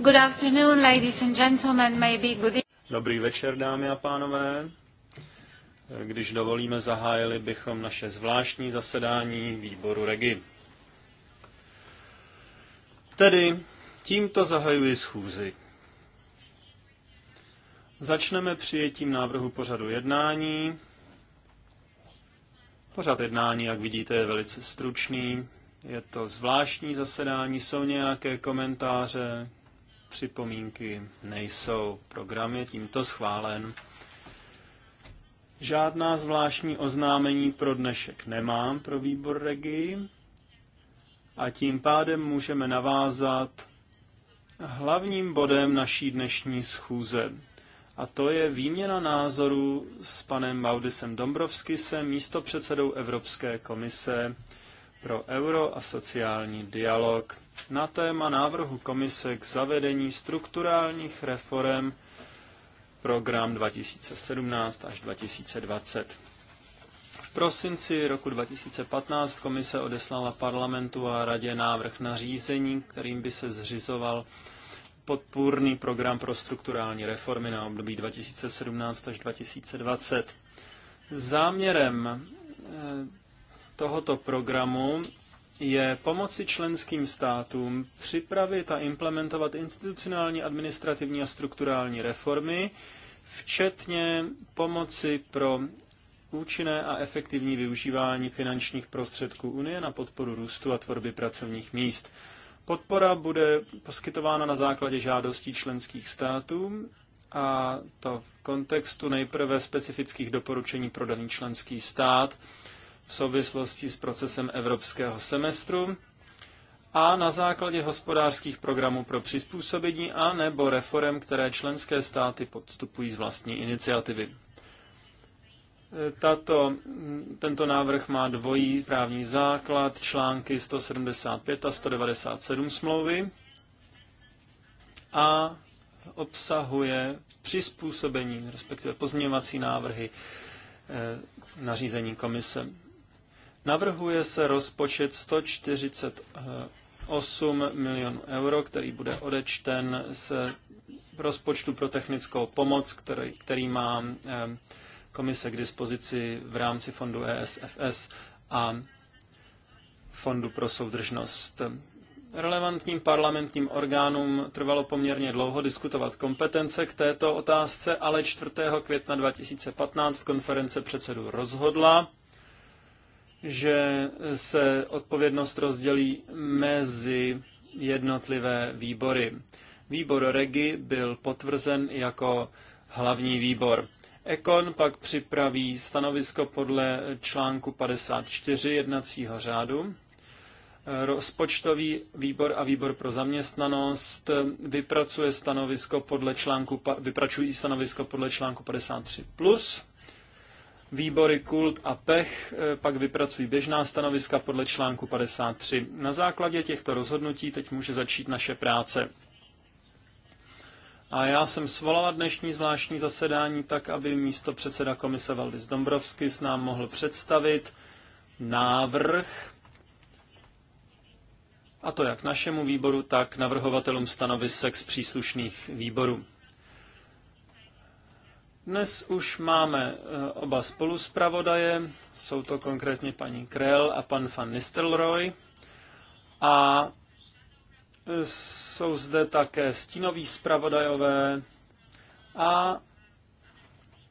Good afternoon, ladies and gentlemen, maybe good Dobrý večer, dámy a pánové. Když dovolíme, zahájili bychom naše zvláštní zasedání výboru REGI. Tedy tímto zahajuji schůzi. Začneme přijetím návrhu pořadu jednání. Pořad jednání, jak vidíte, je velice stručný. Je to zvláštní zasedání, jsou nějaké komentáře připomínky nejsou. Program je tímto schválen. Žádná zvláštní oznámení pro dnešek nemám pro výbor regi a tím pádem můžeme navázat hlavním bodem naší dnešní schůze. A to je výměna názoru s panem Maudisem Dombrovskisem, místopředsedou Evropské komise pro euro a sociální dialog na téma návrhu komise k zavedení strukturálních reform program 2017 až 2020. V prosinci roku 2015 komise odeslala parlamentu a radě návrh na řízení, kterým by se zřizoval podpůrný program pro strukturální reformy na období 2017 až 2020. Záměrem eh, tohoto programu je pomoci členským státům připravit a implementovat institucionální, administrativní a strukturální reformy, včetně pomoci pro účinné a efektivní využívání finančních prostředků Unie na podporu růstu a tvorby pracovních míst. Podpora bude poskytována na základě žádostí členských států a to v kontextu nejprve specifických doporučení pro daný členský stát v souvislosti s procesem evropského semestru a na základě hospodářských programů pro přizpůsobení a nebo reform, které členské státy podstupují z vlastní iniciativy. Tato, tento návrh má dvojí právní základ, články 175 a 197 smlouvy a obsahuje přizpůsobení, respektive pozměňovací návrhy eh, nařízení komise. Navrhuje se rozpočet 148 milionů euro, který bude odečten z rozpočtu pro technickou pomoc, který, který má eh, komise k dispozici v rámci fondu ESFS a fondu pro soudržnost. Relevantním parlamentním orgánům trvalo poměrně dlouho diskutovat kompetence k této otázce, ale 4. května 2015 konference předsedů rozhodla, že se odpovědnost rozdělí mezi jednotlivé výbory. Výbor Regi byl potvrzen jako hlavní výbor. Ekon pak připraví stanovisko podle článku 54 jednacího řádu. Rozpočtový výbor a výbor pro zaměstnanost vypracuje stanovisko podle článku, vypračují stanovisko podle článku 53+. Plus. Výbory Kult a Pech eh, pak vypracují běžná stanoviska podle článku 53. Na základě těchto rozhodnutí teď může začít naše práce. A já jsem svolala dnešní zvláštní zasedání tak, aby místo předseda komise Valdis Dombrovský s nám mohl představit návrh, a to jak našemu výboru, tak navrhovatelům stanovisek z příslušných výborů. Dnes už máme eh, oba spoluspravodaje, jsou to konkrétně paní Krell a pan van Nistelrooy. A eh, jsou zde také stínoví zpravodajové a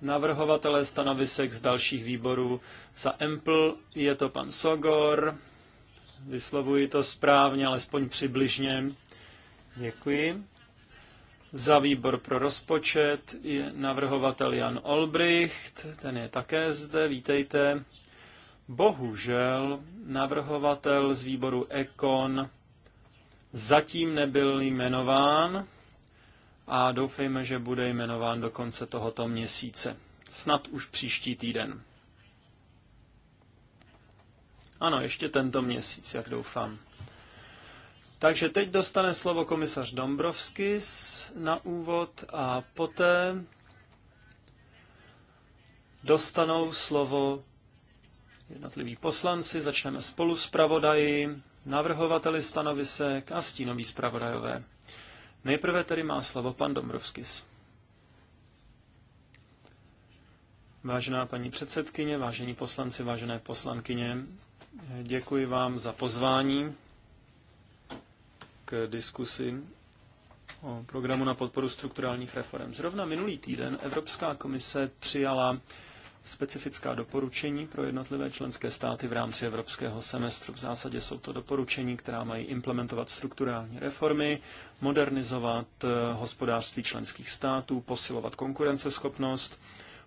navrhovatelé stanovisek z dalších výborů. Za Empl je to pan Sogor, vyslovuji to správně, alespoň přibližně. Děkuji. Za výbor pro rozpočet je navrhovatel Jan Olbricht, ten je také zde, vítejte. Bohužel navrhovatel z výboru Ekon zatím nebyl jmenován a doufejme, že bude jmenován do konce tohoto měsíce. Snad už příští týden. Ano, ještě tento měsíc, jak doufám. Takže teď dostane slovo komisař Dombrovskis na úvod a poté dostanou slovo jednotliví poslanci. Začneme spolu s pravodají, navrhovateli stanovisek a stínoví zpravodajové. Nejprve tedy má slovo pan Dombrovskis. Vážená paní předsedkyně, vážení poslanci, vážené poslankyně, děkuji vám za pozvání k diskusi o programu na podporu strukturálních reform. Zrovna minulý týden Evropská komise přijala specifická doporučení pro jednotlivé členské státy v rámci evropského semestru. V zásadě jsou to doporučení, která mají implementovat strukturální reformy, modernizovat eh, hospodářství členských států, posilovat konkurenceschopnost,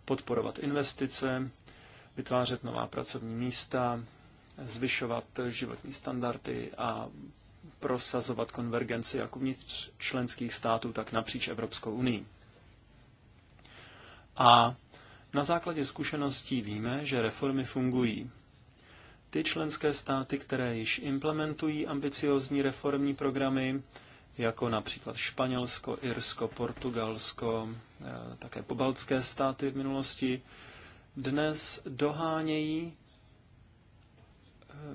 podporovat investice, vytvářet nová pracovní místa, zvyšovat životní standardy a prosazovat konvergenci jak uvnitř členských států, tak napříč Evropskou unii. A na základě zkušeností víme, že reformy fungují. Ty členské státy, které již implementují ambiciozní reformní programy, jako například Španělsko, Irsko, Portugalsko, eh, také pobaltské státy v minulosti, dnes dohánějí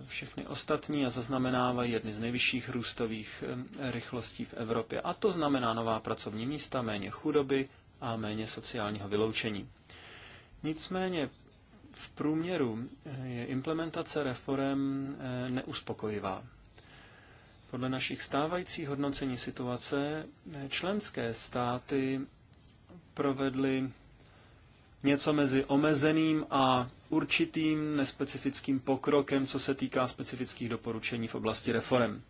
všechny ostatní a zaznamenávají jedny z nejvyšších růstových rychlostí v Evropě. A to znamená nová pracovní místa, méně chudoby a méně sociálního vyloučení. Nicméně v průměru eh, je implementace reform eh, neuspokojivá. Podle našich stávajících hodnocení situace eh, členské státy provedly něco mezi omezeným a určitým nespecifickým pokrokem, co se týká specifických doporučení v oblasti reform.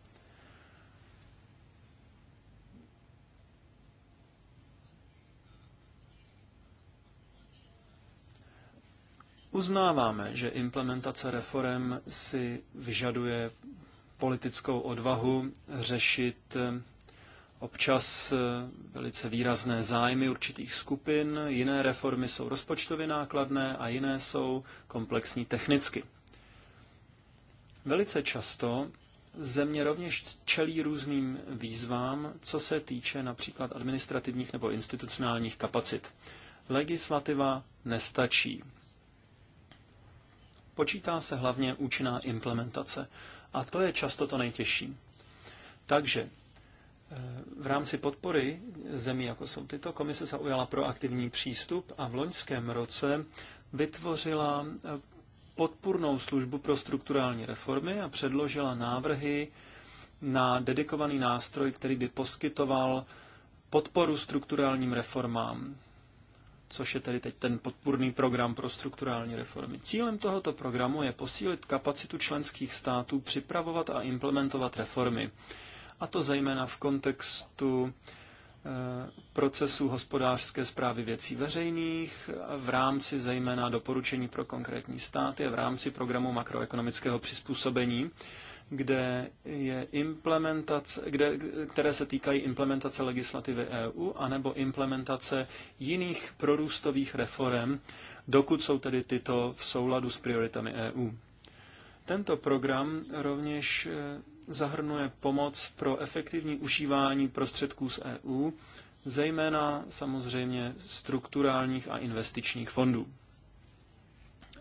Uznáváme, že implementace reform si vyžaduje politickou odvahu řešit občas eh, velice výrazné zájmy určitých skupin, jiné reformy jsou rozpočtově nákladné a jiné jsou komplexní technicky. Velice často země rovněž čelí různým výzvám, co se týče například administrativních nebo institucionálních kapacit. Legislativa nestačí. Počítá se hlavně účinná implementace a to je často to nejtěžší. Takže v rámci podpory zemí, jako jsou tyto, komise zaujala proaktivní přístup a v loňském roce vytvořila eh, podpůrnou službu pro strukturální reformy a předložila návrhy na dedikovaný nástroj, který by poskytoval podporu strukturálním reformám, což je tedy teď ten podpůrný program pro strukturální reformy. Cílem tohoto programu je posílit kapacitu členských států připravovat a implementovat reformy a to zejména v kontextu eh, procesu hospodářské zprávy věcí veřejných, v rámci zejména doporučení pro konkrétní státy a v rámci programu makroekonomického přizpůsobení, kde je implementace, kde, které se týkají implementace legislativy EU anebo implementace jiných prorůstových reform, dokud jsou tedy tyto v souladu s prioritami EU. Tento program rovněž eh, zahrnuje pomoc pro efektivní užívání prostředků z EU, zejména samozřejmě strukturálních a investičních fondů.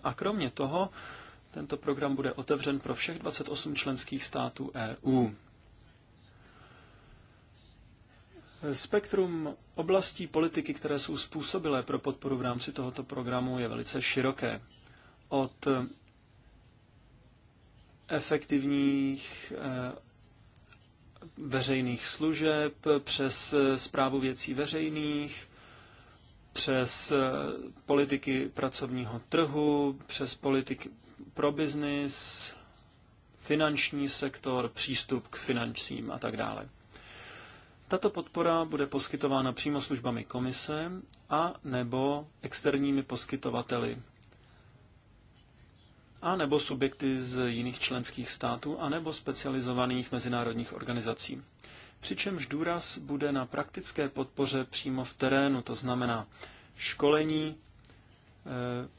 A kromě toho, tento program bude otevřen pro všech 28 členských států EU. Spektrum oblastí politiky, které jsou způsobilé pro podporu v rámci tohoto programu, je velice široké. Od efektivních eh, veřejných služeb, přes zprávu eh, věcí veřejných, přes eh, politiky pracovního trhu, přes politiky pro biznis, finanční sektor, přístup k financím a tak dále. Tato podpora bude poskytována přímo službami komise a nebo externími poskytovateli a nebo subjekty z jiných členských států, a nebo specializovaných mezinárodních organizací. Přičemž důraz bude na praktické podpoře přímo v terénu, to znamená školení e,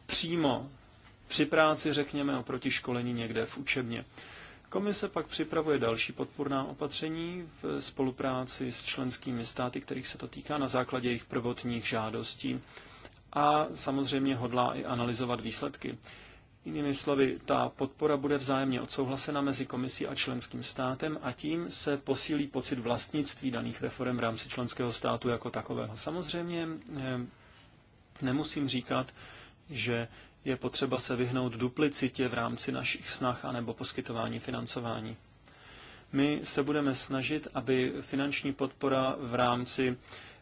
přímo při práci, řekněme, oproti školení někde v učebně. Komise pak připravuje další podporná opatření v spolupráci s členskými státy, kterých se to týká na základě jejich prvotních žádostí a samozřejmě hodlá i analyzovat výsledky. Jinými slovy, ta podpora bude vzájemně odsouhlasena mezi komisí a členským státem a tím se posílí pocit vlastnictví daných reform v rámci členského státu jako takového. Samozřejmě eh, nemusím říkat, že je potřeba se vyhnout duplicitě v rámci našich snah anebo poskytování financování. My se budeme snažit, aby finanční podpora v rámci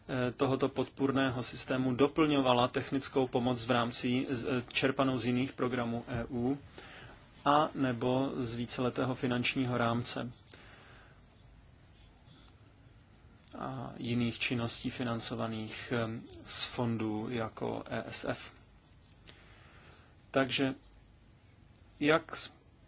Eh, tohoto podpůrného systému doplňovala technickou pomoc v rámci eh, čerpanou z jiných programů EU a nebo z víceletého finančního rámce a jiných činností financovaných eh, z fondů jako ESF. Takže jak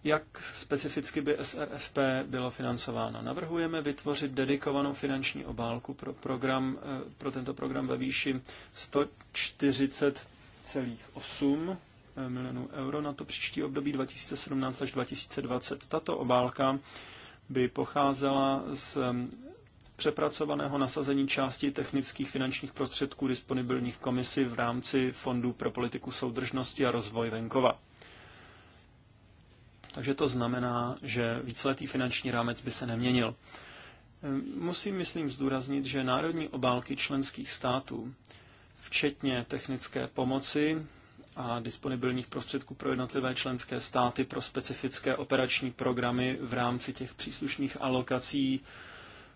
jak specificky by SRSP bylo financováno. Navrhujeme vytvořit dedikovanou finanční obálku pro, program, eh, pro tento program ve výši 140,8 eh, milionů euro na to příští období 2017 až 2020. Tato obálka by pocházela z eh, přepracovaného nasazení části technických finančních prostředků disponibilních komisí v rámci Fondů pro politiku soudržnosti a rozvoj venkova. Takže to znamená, že víceletý finanční rámec by se neměnil. Musím, myslím, zdůraznit, že národní obálky členských států, včetně technické pomoci a disponibilních prostředků pro jednotlivé členské státy pro specifické operační programy v rámci těch příslušných alokací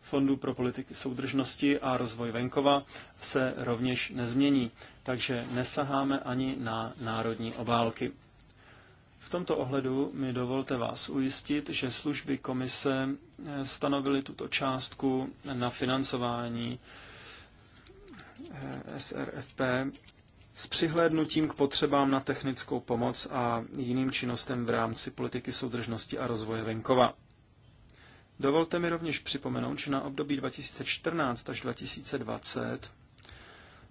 Fondu pro politiky soudržnosti a rozvoj venkova, se rovněž nezmění. Takže nesaháme ani na národní obálky tomto ohledu mi dovolte vás ujistit, že služby komise eh, stanovily tuto částku na financování eh, SRFP s přihlédnutím k potřebám na technickou pomoc a jiným činnostem v rámci politiky soudržnosti a rozvoje venkova. Dovolte mi rovněž připomenout, že na období 2014 až 2020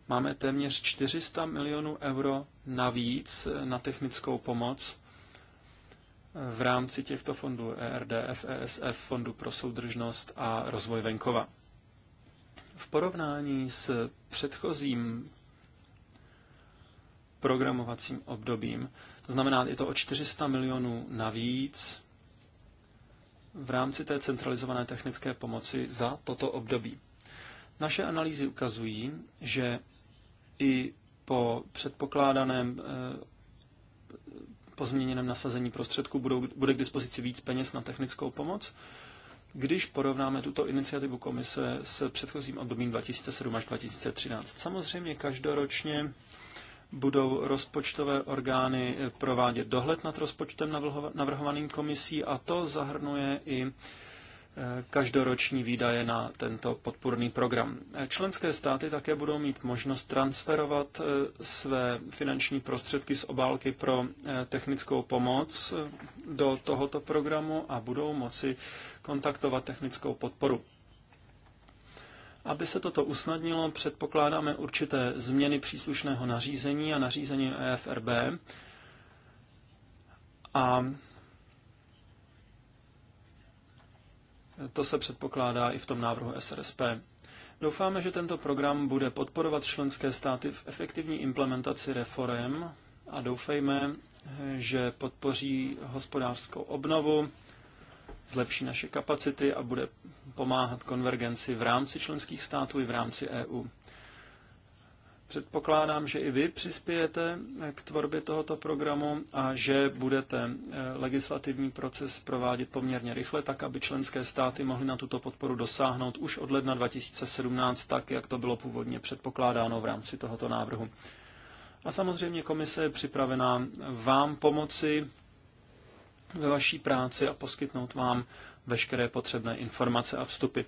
máme téměř 400 milionů euro navíc eh, na technickou pomoc v rámci těchto fondů ERDF, ESF, Fondu pro soudržnost a rozvoj venkova. V porovnání s předchozím programovacím obdobím, to znamená, je to o 400 milionů navíc v rámci té centralizované technické pomoci za toto období. Naše analýzy ukazují, že i po předpokládaném eh, po změněném nasazení prostředků budou, bude k dispozici víc peněz na technickou pomoc. Když porovnáme tuto iniciativu komise s předchozím obdobím 2007 až 2013, samozřejmě každoročně budou rozpočtové orgány eh, provádět dohled nad rozpočtem navrhovaným komisí a to zahrnuje i každoroční výdaje na tento podpůrný program. Členské státy také budou mít možnost transferovat eh, své finanční prostředky z obálky pro eh, technickou pomoc eh, do tohoto programu a budou moci kontaktovat technickou podporu. Aby se toto usnadnilo, předpokládáme určité změny příslušného nařízení a nařízení EFRB a To se předpokládá i v tom návrhu SRSP. Doufáme, že tento program bude podporovat členské státy v efektivní implementaci reform a doufejme, že podpoří hospodářskou obnovu, zlepší naše kapacity a bude pomáhat konvergenci v rámci členských států i v rámci EU. Předpokládám, že i vy přispějete k tvorbě tohoto programu a že budete eh, legislativní proces provádět poměrně rychle, tak aby členské státy mohly na tuto podporu dosáhnout už od ledna 2017, tak jak to bylo původně předpokládáno v rámci tohoto návrhu. A samozřejmě komise je připravená vám pomoci ve vaší práci a poskytnout vám veškeré potřebné informace a vstupy.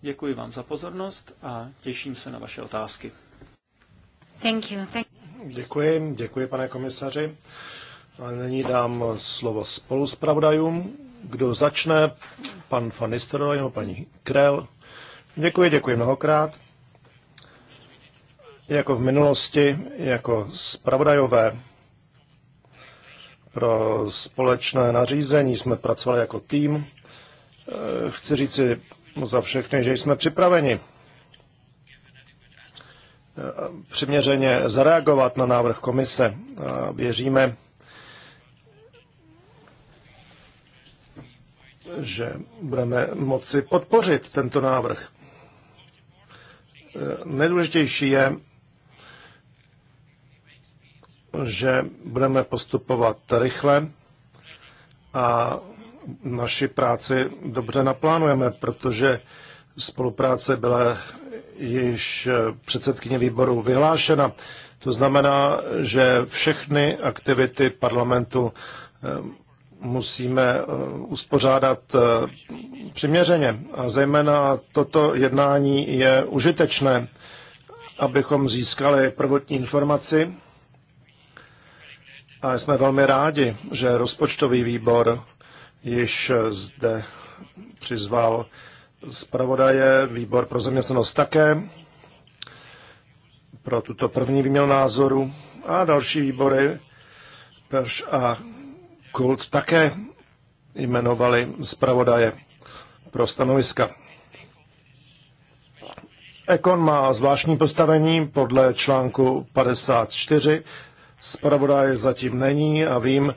Děkuji vám za pozornost a těším se na vaše otázky. Thank you. Thank Děkuji, děkuji pane komisaři. A nyní dám slovo spoluspravodajům. Kdo začne? Pan Van Nistelrooy nebo paní Krell? Děkuji, děkuji mnohokrát. Jako v minulosti, jako spravodajové pro společné nařízení jsme pracovali jako tým. Eh, chci říci za všechny, že jsme připraveni přiměřeně zareagovat na návrh komise. Věříme, že budeme moci podpořit tento návrh. Nejdůležitější je, že budeme postupovat rychle a naši práci dobře naplánujeme, protože spolupráce byla již eh, předsedkyně výboru vyhlášena. To znamená, že všechny aktivity parlamentu eh, musíme eh, uspořádat přiměřeně. A zejména toto jednání je užitečné, abychom získali prvotní informaci. A jsme velmi rádi, že rozpočtový výbor již zde přizval zpravodaje, výbor pro zaměstnanost také, pro tuto první výměl názoru a další výbory, Perš a Kult také jmenovali zpravodaje pro stanoviska. Ekon má zvláštní postavení podle článku 54. Zpravodaj zatím není a vím,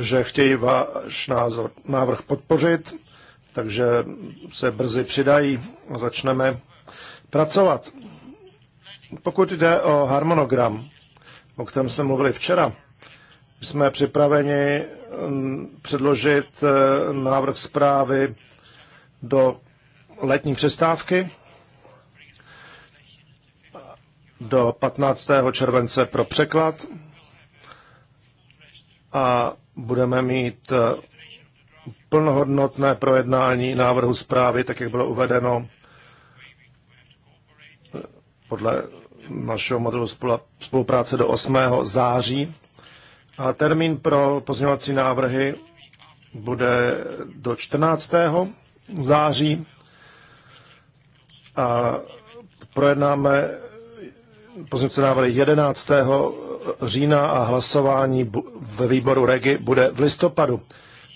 že chtějí váš názor, návrh podpořit takže se brzy přidají a začneme pracovat. Pokud jde o harmonogram, o kterém jsme mluvili včera, jsme připraveni mm, předložit eh, návrh zprávy do letní přestávky do 15. července pro překlad a budeme mít eh, plnohodnotné projednání návrhu zprávy, tak jak bylo uvedeno podle našeho modelu spolupráce do 8. září. A termín pro pozměňovací návrhy bude do 14. září a projednáme pozměňovací návrhy 11. října a hlasování ve výboru REGI bude v listopadu.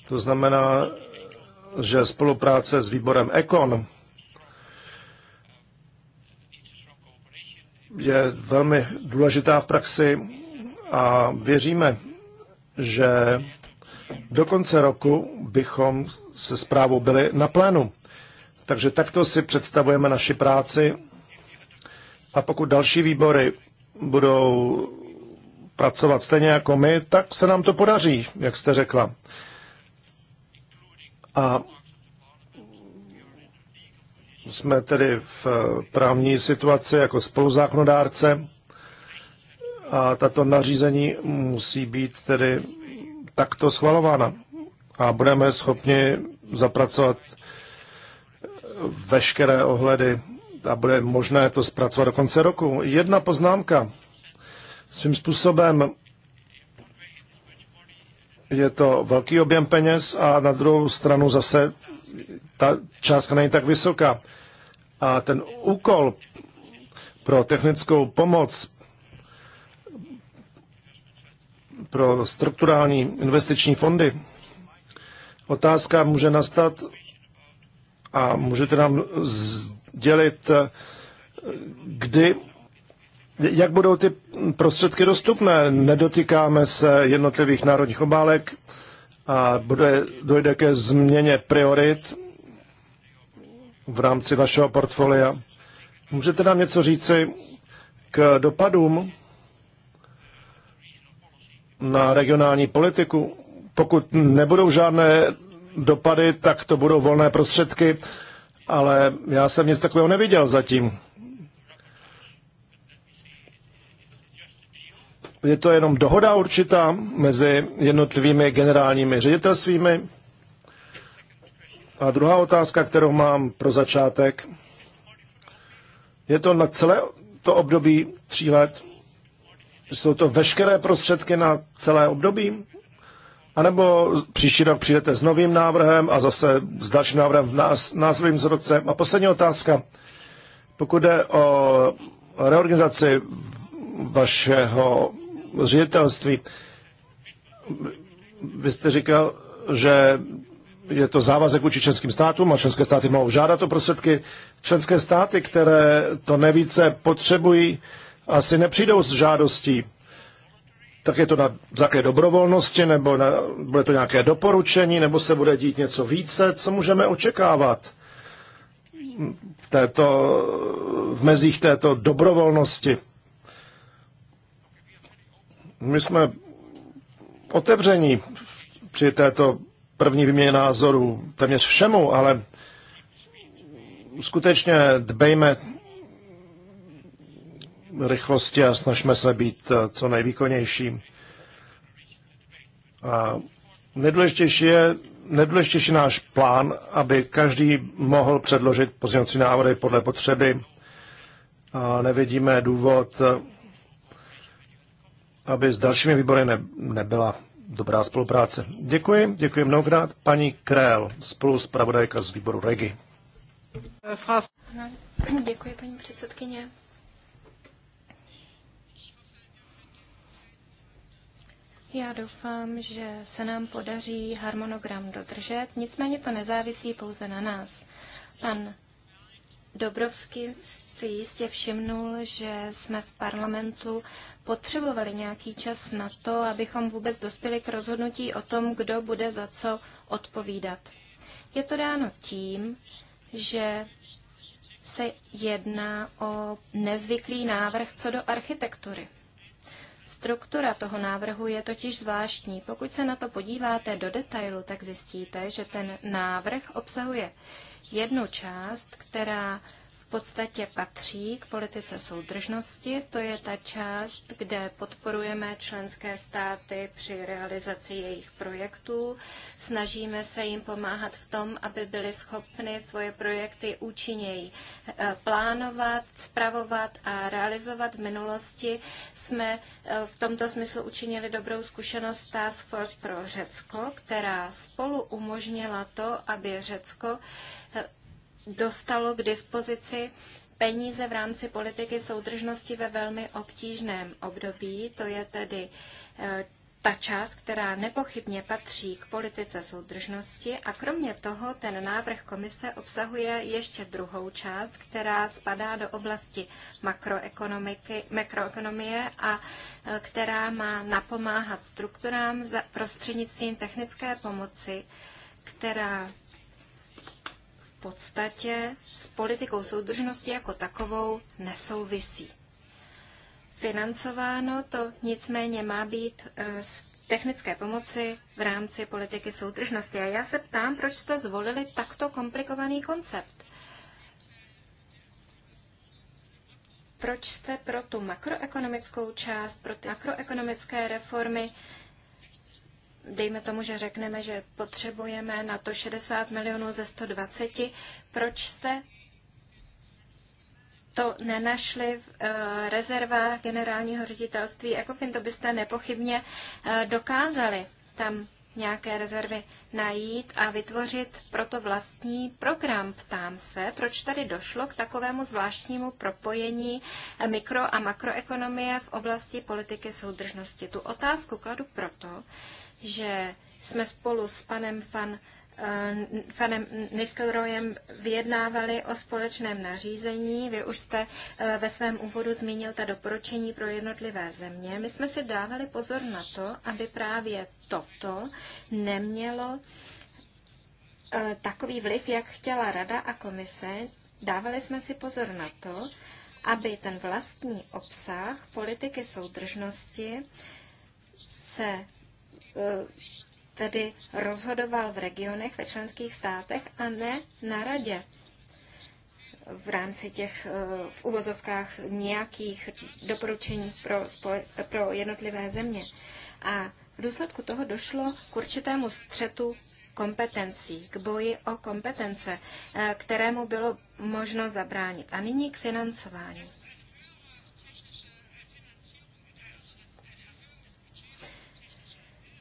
To znamená, že spolupráce s výborem Econ je velmi důležitá v praxi a věříme, že do konce roku bychom se zprávou byli na plénu. Takže takto si představujeme naši práci a pokud další výbory budou pracovat stejně jako my, tak se nám to podaří, jak jste řekla. A jsme tedy v právní situaci jako spoluzákonodárce a tato nařízení musí být tedy takto schvalována a budeme schopni zapracovat veškeré ohledy a bude možné to zpracovat do konce roku. Jedna poznámka. Svým způsobem je to velký objem peněz a na druhou stranu zase ta částka není tak vysoká. A ten úkol pro technickou pomoc, pro strukturální investiční fondy, otázka může nastat a můžete nám sdělit, kdy jak budou ty prostředky dostupné. Nedotýkáme se jednotlivých národních obálek a bude, dojde ke změně priorit v rámci vašeho portfolia. Můžete nám něco říci k dopadům na regionální politiku? Pokud nebudou žádné dopady, tak to budou volné prostředky, ale já jsem nic takového neviděl zatím. Je to jenom dohoda určitá mezi jednotlivými generálními ředitelstvími. A druhá otázka, kterou mám pro začátek, je to na celé to období tří let? Jsou to veškeré prostředky na celé období? A nebo příští rok přijdete s novým návrhem a zase s dalším návrhem v nás, následným roce? A poslední otázka. Pokud jde o reorganizaci vašeho ředitelství. Vy jste říkal, že je to závazek vůči členským státům a členské státy mohou žádat o prostředky. Členské státy, které to nejvíce potřebují, asi nepřijdou s žádostí. Tak je to na základě dobrovolnosti, nebo na, bude to nějaké doporučení, nebo se bude dít něco více, co můžeme očekávat v, této, v mezích této dobrovolnosti. My jsme otevření při této první výměně názorů téměř všemu, ale skutečně dbejme rychlosti a snažme se být eh, co nejvýkonnější. A nejdůležitější je nejdůležitější náš plán, aby každý mohl předložit pozměňovací návrhy podle potřeby. A nevidíme důvod, eh, aby s dalšími výbory ne, nebyla dobrá spolupráce. Děkuji, děkuji mnohokrát. Paní Krél, spolu s pravodajka z výboru REGI. Děkuji, paní předsedkyně. Já doufám, že se nám podaří harmonogram dodržet, nicméně to nezávisí pouze na nás. Pan Dobrovský si jistě všimnul, že jsme v parlamentu potřebovali nějaký čas na to, abychom vůbec dospěli k rozhodnutí o tom, kdo bude za co odpovídat. Je to dáno tím, že se jedná o nezvyklý návrh co do architektury. Struktura toho návrhu je totiž zvláštní. Pokud se na to podíváte do detailu, tak zjistíte, že ten návrh obsahuje jednu část, která podstatě patří k politice soudržnosti. To je ta část, kde podporujeme členské státy při realizaci jejich projektů. Snažíme se jim pomáhat v tom, aby byli schopni svoje projekty účinněji eh, plánovat, spravovat a realizovat. V minulosti jsme eh, v tomto smyslu učinili dobrou zkušenost Task Force pro Řecko, která spolu umožnila to, aby Řecko eh, dostalo k dispozici peníze v rámci politiky soudržnosti ve velmi obtížném období. To je tedy eh, ta část, která nepochybně patří k politice soudržnosti a kromě toho ten návrh komise obsahuje ještě druhou část, která spadá do oblasti makroekonomiky, makroekonomie a eh, která má napomáhat strukturám za prostřednictvím technické pomoci, která podstatě s politikou soudržnosti jako takovou nesouvisí. Financováno to nicméně má být eh, z technické pomoci v rámci politiky soudržnosti. A já se ptám, proč jste zvolili takto komplikovaný koncept. Proč jste pro tu makroekonomickou část, pro ty makroekonomické reformy dejme tomu, že řekneme, že potřebujeme na to 60 milionů ze 120, proč jste to nenašli v eh, rezervách generálního ředitelství ECOFIN, to byste nepochybně eh, dokázali tam nějaké rezervy najít a vytvořit proto vlastní program. Ptám se, proč tady došlo k takovému zvláštnímu propojení eh, mikro- a makroekonomie v oblasti politiky soudržnosti. Tu otázku kladu proto, že jsme spolu s panem Fan panem eh, Niskelrojem vyjednávali o společném nařízení. Vy už jste eh, ve svém úvodu zmínil ta doporučení pro jednotlivé země. My jsme si dávali pozor na to, aby právě toto nemělo eh, takový vliv, jak chtěla Rada a komise. Dávali jsme si pozor na to, aby ten vlastní obsah politiky soudržnosti se Eh, tedy rozhodoval v regionech, ve členských státech a ne na radě v rámci těch eh, v uvozovkách nějakých doporučení pro, spole, pro jednotlivé země. A v důsledku toho došlo k určitému střetu kompetencí, k boji o kompetence, eh, kterému bylo možno zabránit. A nyní k financování.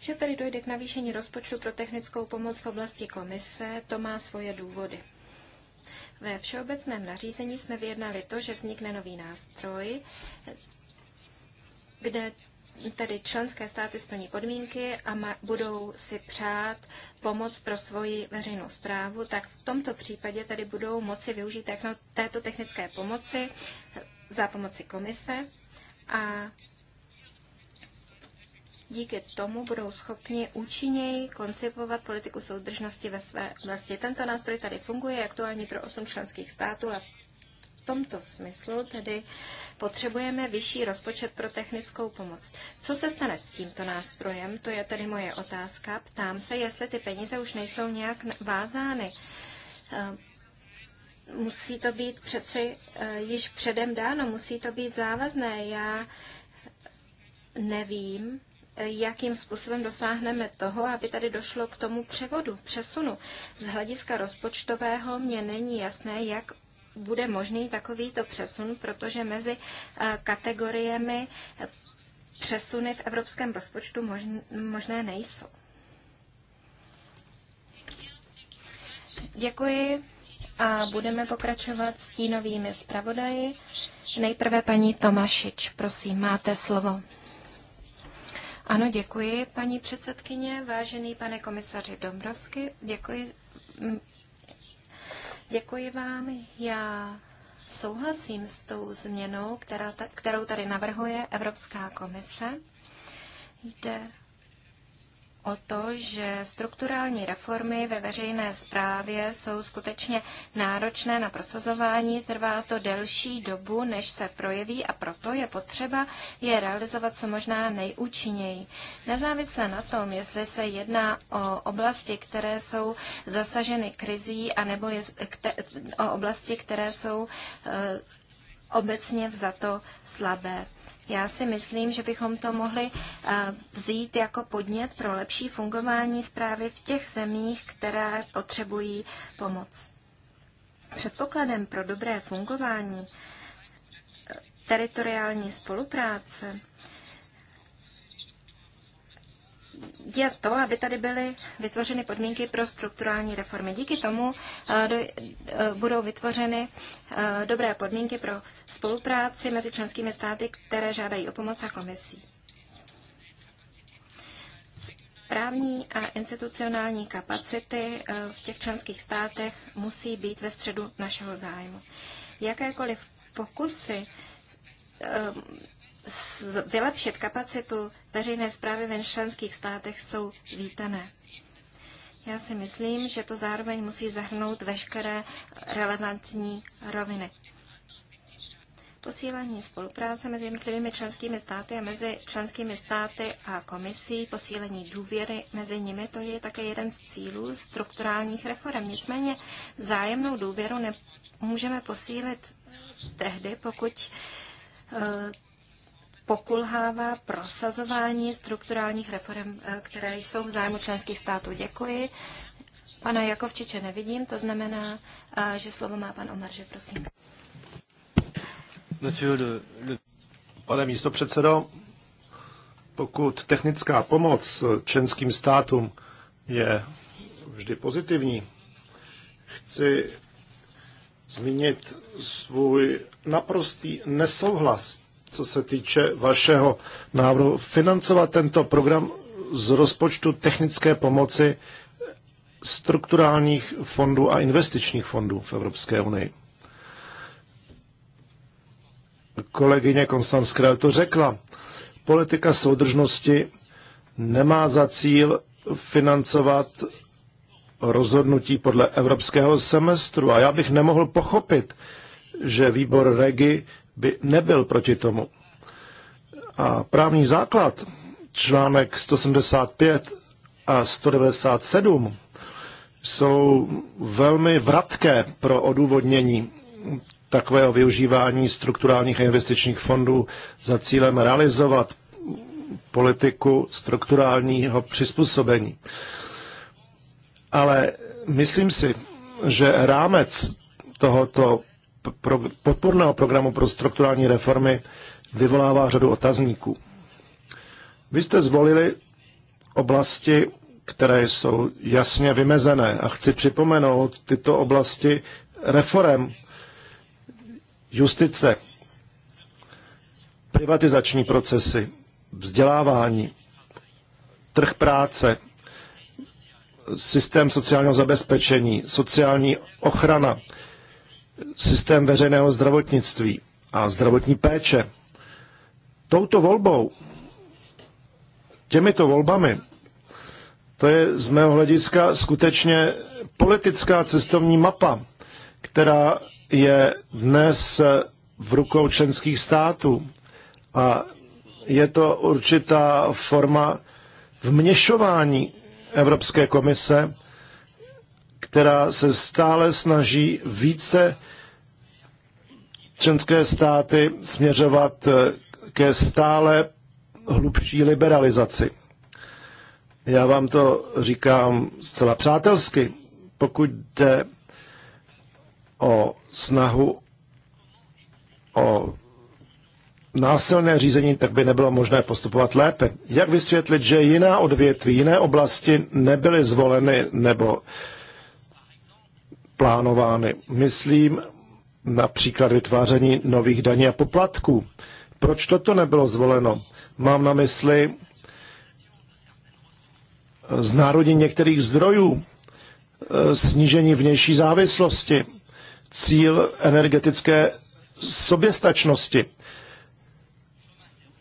Že tady dojde k navýšení rozpočtu pro technickou pomoc v oblasti komise, to má svoje důvody. Ve všeobecném nařízení jsme vyjednali to, že vznikne nový nástroj, kde tedy členské státy splní podmínky a budou si přát pomoc pro svoji veřejnou zprávu, tak v tomto případě tedy budou moci využít této technické pomoci za pomoci komise a díky tomu budou schopni účinněji koncipovat politiku soudržnosti ve své vlasti. Tento nástroj tady funguje aktuálně pro osm členských států a v tomto smyslu tedy potřebujeme vyšší rozpočet pro technickou pomoc. Co se stane s tímto nástrojem? To je tedy moje otázka. Ptám se, jestli ty peníze už nejsou nějak vázány. Eh, musí to být přeci eh, již předem dáno, musí to být závazné. Já nevím, jakým způsobem dosáhneme toho, aby tady došlo k tomu převodu, přesunu. Z hlediska rozpočtového mě není jasné, jak bude možný takovýto přesun, protože mezi eh, kategoriemi eh, přesuny v evropském rozpočtu možné nejsou. Děkuji a budeme pokračovat s tínovými zpravodaji. Nejprve paní Tomašič, prosím, máte slovo. Ano, děkuji, paní předsedkyně, vážený pane komisaři Dombrovsky, děkuji. Děkuji vám. Já souhlasím s tou změnou, která ta, kterou tady navrhuje Evropská komise. Jde o to, že strukturální reformy ve veřejné správě jsou skutečně náročné na prosazování, trvá to delší dobu, než se projeví a proto je potřeba je realizovat co možná nejúčinněji. Nezávisle na tom, jestli se jedná o oblasti, které jsou zasaženy krizí, anebo je, kte, o oblasti, které jsou e, obecně vzato slabé. Já si myslím, že bychom to mohli eh, vzít jako podnět pro lepší fungování zprávy v těch zemích, které potřebují pomoc. Předpokladem pro dobré fungování eh, teritoriální spolupráce je to, aby tady byly vytvořeny podmínky pro strukturální reformy. Díky tomu eh, eh, budou vytvořeny eh, dobré podmínky pro spolupráci mezi členskými státy, které žádají o pomoc a komisí. Právní a institucionální kapacity v těch členských státech musí být ve středu našeho zájmu. Jakékoliv pokusy vylepšit kapacitu veřejné zprávy ve členských státech jsou vítané. Já si myslím, že to zároveň musí zahrnout veškeré relevantní roviny. Posílení spolupráce mezi jednotlivými členskými státy a mezi členskými státy a komisí, posílení důvěry mezi nimi, to je také jeden z cílů strukturálních reform. Nicméně zájemnou důvěru nemůžeme posílit tehdy, pokud eh, pokulhává prosazování strukturálních reform, eh, které jsou v zájmu členských států. Děkuji. Pana Jakovčiče nevidím, to znamená, eh, že slovo má pan že prosím. Pane předsedo, pokud technická pomoc členským státům je vždy pozitivní, chci zmínit svůj naprostý nesouhlas co se týče vašeho návrhu, financovat tento program z rozpočtu technické pomoci strukturálních fondů a investičních fondů v Evropské unii. Kolegyně Konstanz Krell to řekla. Politika soudržnosti nemá za cíl financovat rozhodnutí podle evropského semestru. A já bych nemohl pochopit, že výbor REGI by nebyl proti tomu. A právní základ, článek 175 a 197, jsou velmi vratké pro odůvodnění takového využívání strukturálních a investičních fondů za cílem realizovat politiku strukturálního přizpůsobení. Ale myslím si, že rámec tohoto pro, podporného programu pro strukturální reformy vyvolává řadu otazníků. Vy jste zvolili oblasti, které jsou jasně vymezené a chci připomenout tyto oblasti reform justice, privatizační procesy, vzdělávání, trh práce, systém sociálního zabezpečení, sociální ochrana, systém veřejného zdravotnictví a zdravotní péče. Touto volbou, těmito volbami, to je z mého hlediska skutečně politická cestovní mapa, která je dnes v rukou členských států. A je to určitá forma vměšování Evropské komise, která se stále snaží více členské státy směřovat eh, ke stále hlubší liberalizaci. Já vám to říkám zcela přátelsky. Pokud jde o snahu o násilné řízení, tak by nebylo možné postupovat lépe. Jak vysvětlit, že jiná odvětví, jiné oblasti nebyly zvoleny nebo plánovány? Myslím, například vytváření nových daní a poplatků. Proč toto nebylo zvoleno? Mám na mysli znárodnění některých zdrojů, e, snížení vnější závislosti, cíl energetické soběstačnosti.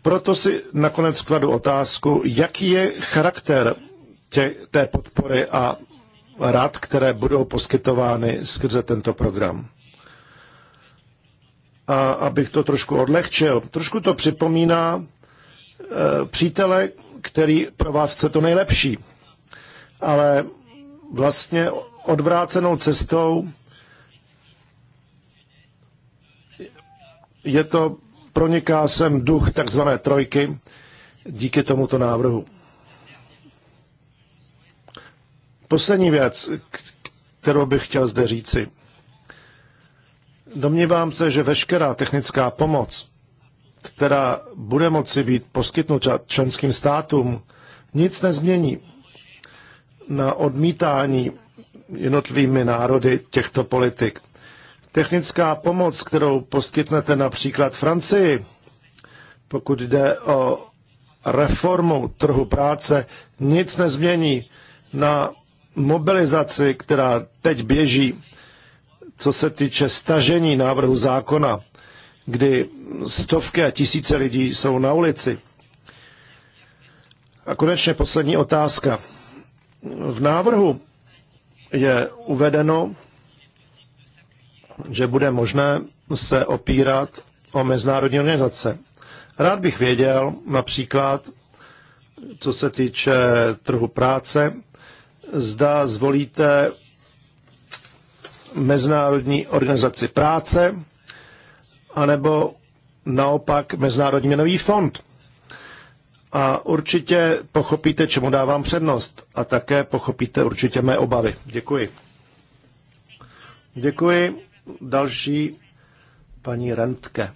Proto si nakonec kladu otázku, jaký je charakter tě, té podpory a rad, které budou poskytovány skrze tento program. A abych to trošku odlehčil, trošku to připomíná eh, přítele, který pro vás chce to nejlepší, ale vlastně odvrácenou cestou je to, proniká sem duch takzvané trojky díky tomuto návrhu. Poslední věc, kterou bych chtěl zde říci. Domnívám se, že veškerá technická pomoc, která bude moci být poskytnuta členským státům, nic nezmění na odmítání jednotlivými národy těchto politik. Technická pomoc, kterou poskytnete například Francii, pokud jde o reformu trhu práce, nic nezmění na mobilizaci, která teď běží co se týče stažení návrhu zákona, kdy stovky a tisíce lidí jsou na ulici. A konečně poslední otázka. V návrhu je uvedeno, že bude možné se opírat o mezinárodní organizace. Rád bych věděl například, co se týče trhu práce, zda zvolíte Mezinárodní organizaci práce, anebo naopak Mezinárodní měnový fond. A určitě pochopíte, čemu dávám přednost. A také pochopíte určitě mé obavy. Děkuji. Děkuji. Další paní Rentke.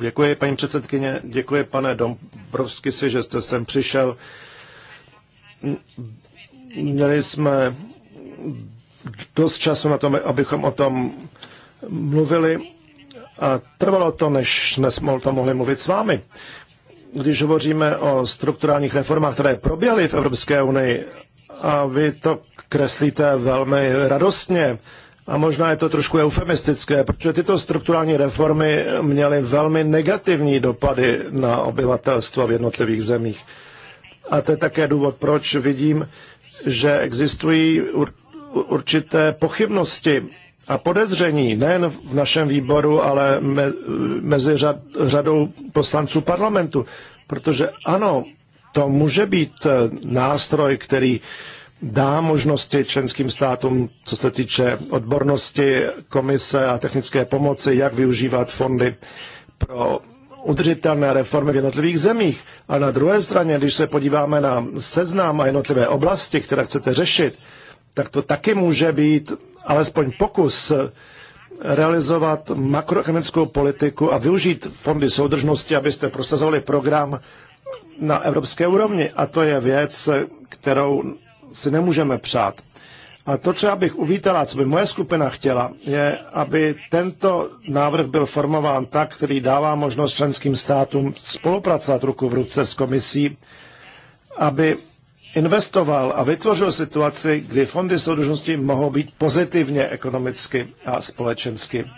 Děkuji, paní předsedkyně. Děkuji, pane Dombrovsky, si, že jste sem přišel. Měli jsme dost času na tom, abychom o tom mluvili a trvalo to, než jsme o tom mohli mluvit s vámi. Když hovoříme o strukturálních reformách, které proběhly v Evropské unii, a vy to kreslíte velmi radostně, a možná je to trošku eufemistické, protože tyto strukturální reformy měly velmi negativní dopady na obyvatelstvo v jednotlivých zemích. A to je také důvod, proč vidím, že existují určité pochybnosti a podezření nejen v našem výboru, ale me, mezi řad, řadou poslanců parlamentu. Protože ano, to může být eh, nástroj, který dá možnosti členským státům, co se týče odbornosti, komise a technické pomoci, jak využívat fondy pro udržitelné reformy v jednotlivých zemích. A na druhé straně, když se podíváme na seznam a jednotlivé oblasti, které chcete řešit, tak to taky může být alespoň pokus realizovat makroekonomickou politiku a využít fondy soudržnosti, abyste prosazovali program na evropské úrovni. A to je věc, kterou si nemůžeme přát. A to, co já bych uvítala, co by moje skupina chtěla, je, aby tento návrh byl formován tak, který dává možnost členským státům spolupracovat ruku v ruce s komisí, aby investoval a vytvořil situaci, kdy fondy soudržnosti mohou být pozitivně ekonomicky a společensky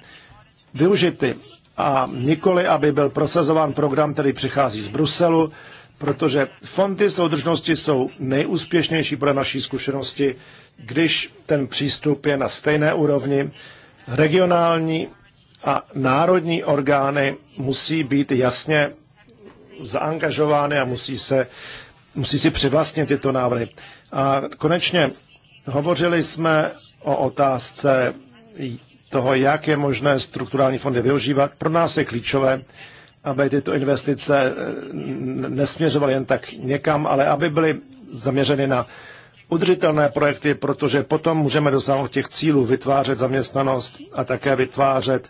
využity. A nikoli, aby byl prosazován program, který přichází z Bruselu, protože fondy soudržnosti jsou nejúspěšnější pro naší zkušenosti, když ten přístup je na stejné úrovni. Regionální a národní orgány musí být jasně zaangažovány a musí se musí si přivlastnit tyto návrhy. A konečně hovořili jsme o otázce toho, jak je možné strukturální fondy využívat. Pro nás je klíčové, aby tyto investice eh, nesměřovaly jen tak někam, ale aby byly zaměřeny na udržitelné projekty, protože potom můžeme dosáhnout těch cílů vytvářet zaměstnanost a také vytvářet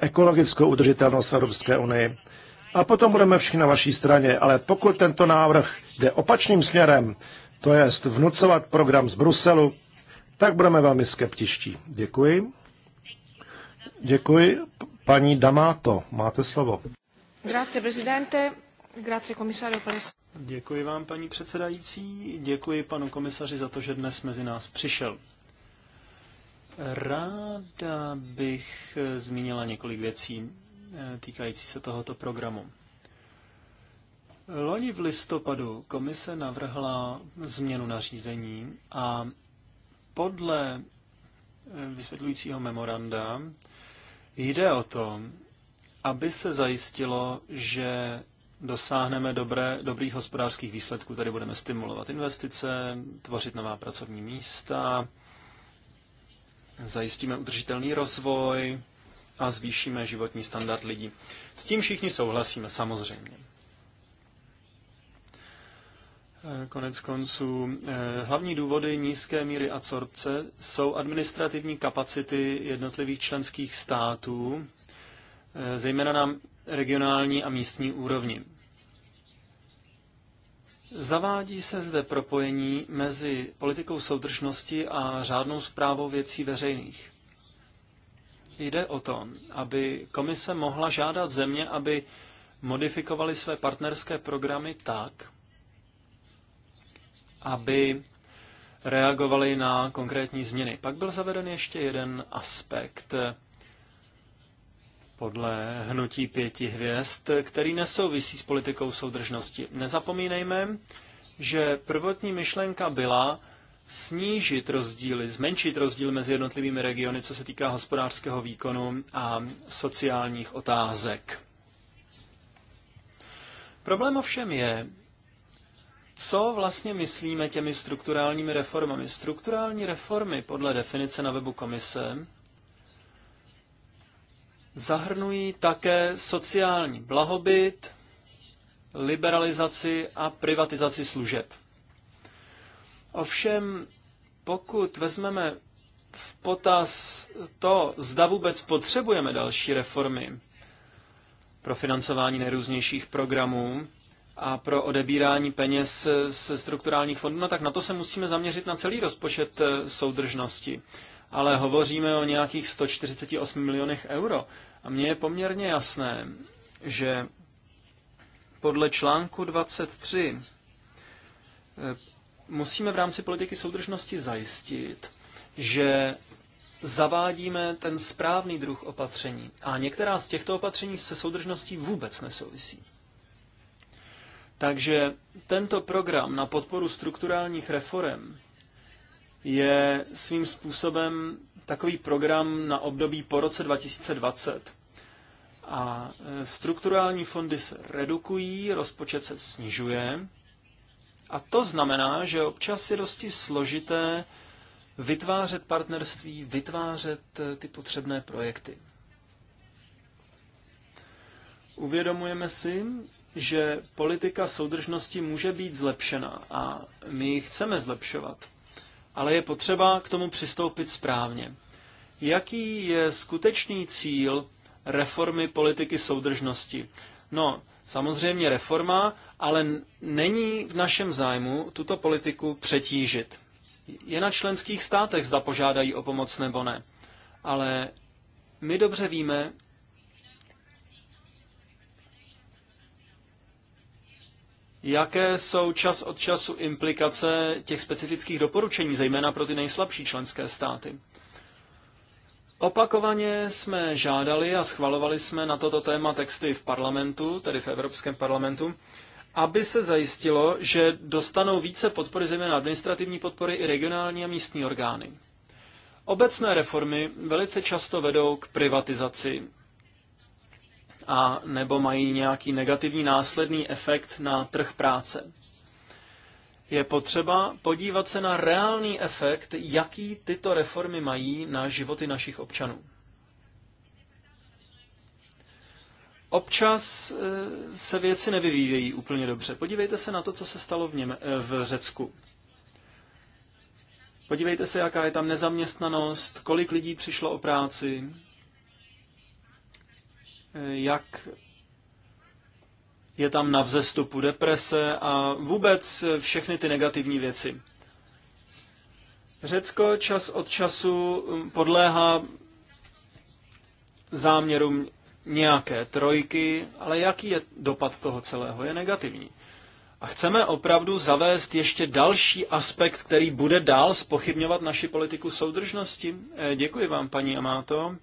ekologickou udržitelnost v Evropské unii a potom budeme všichni na vaší straně. Ale pokud tento návrh jde opačným směrem, to jest vnucovat program z Bruselu, tak budeme velmi skeptičtí. Děkuji. Děkuji. Paní Damato, máte slovo. Grazie, Grazie, komisario, Děkuji vám, paní předsedající. Děkuji panu komisaři za to, že dnes mezi nás přišel. Ráda bych zmínila několik věcí. Eh, týkající se tohoto programu. Loni v listopadu komise navrhla změnu nařízení a podle eh, vysvětlujícího memoranda jde o to, aby se zajistilo, že dosáhneme dobré, dobrých hospodářských výsledků, tady budeme stimulovat investice, tvořit nová pracovní místa, zajistíme udržitelný rozvoj, a zvýšíme životní standard lidí. S tím všichni souhlasíme, samozřejmě. E, konec konců, e, hlavní důvody nízké míry absorpce jsou administrativní kapacity jednotlivých členských států, e, zejména na regionální a místní úrovni. Zavádí se zde propojení mezi politikou soudržnosti a řádnou zprávou věcí veřejných. Jde o to, aby komise mohla žádat země, aby modifikovali své partnerské programy tak, aby reagovali na konkrétní změny. Pak byl zaveden ještě jeden aspekt podle hnutí pěti hvězd, který nesouvisí s politikou soudržnosti. Nezapomínejme, že prvotní myšlenka byla snížit rozdíly, zmenšit rozdíl mezi jednotlivými regiony, co se týká hospodářského výkonu a sociálních otázek. Problém ovšem je, co vlastně myslíme těmi strukturálními reformami. Strukturální reformy podle definice na webu komise zahrnují také sociální blahobyt, liberalizaci a privatizaci služeb. Ovšem, pokud vezmeme v potaz to, zda vůbec potřebujeme další reformy pro financování nejrůznějších programů a pro odebírání peněz ze strukturálních fondů, no tak na to se musíme zaměřit na celý rozpočet eh, soudržnosti. Ale hovoříme o nějakých 148 milionech euro. A mně je poměrně jasné, že podle článku 23 musíme v rámci politiky soudržnosti zajistit, že zavádíme ten správný druh opatření. A některá z těchto opatření se soudržností vůbec nesouvisí. Takže tento program na podporu strukturálních reform je svým způsobem takový program na období po roce 2020. A strukturální fondy se redukují, rozpočet se snižuje, a to znamená, že občas je dosti složité vytvářet partnerství, vytvářet eh, ty potřebné projekty. Uvědomujeme si, že politika soudržnosti může být zlepšena a my ji chceme zlepšovat. Ale je potřeba k tomu přistoupit správně. Jaký je skutečný cíl reformy politiky soudržnosti? No, samozřejmě reforma, ale není v našem zájmu tuto politiku přetížit. Je na členských státech, zda požádají o pomoc nebo ne. Ale my dobře víme, jaké jsou čas od času implikace těch specifických doporučení, zejména pro ty nejslabší členské státy. Opakovaně jsme žádali a schvalovali jsme na toto téma texty v parlamentu, tedy v Evropském parlamentu, aby se zajistilo, že dostanou více podpory, zejména administrativní podpory, i regionální a místní orgány. Obecné reformy velice často vedou k privatizaci a nebo mají nějaký negativní následný efekt na trh práce je potřeba podívat se na reálný efekt, jaký tyto reformy mají na životy našich občanů. Občas eh, se věci nevyvíjejí úplně dobře. Podívejte se na to, co se stalo v, Něme- eh, v Řecku. Podívejte se, jaká je tam nezaměstnanost, kolik lidí přišlo o práci, eh, jak je tam na vzestupu deprese a vůbec všechny ty negativní věci. Řecko čas od času um, podléhá záměrům nějaké trojky, ale jaký je dopad toho celého? Je negativní. A chceme opravdu zavést ještě další aspekt, který bude dál spochybňovat naši politiku soudržnosti? Eh, děkuji vám, paní Amáto.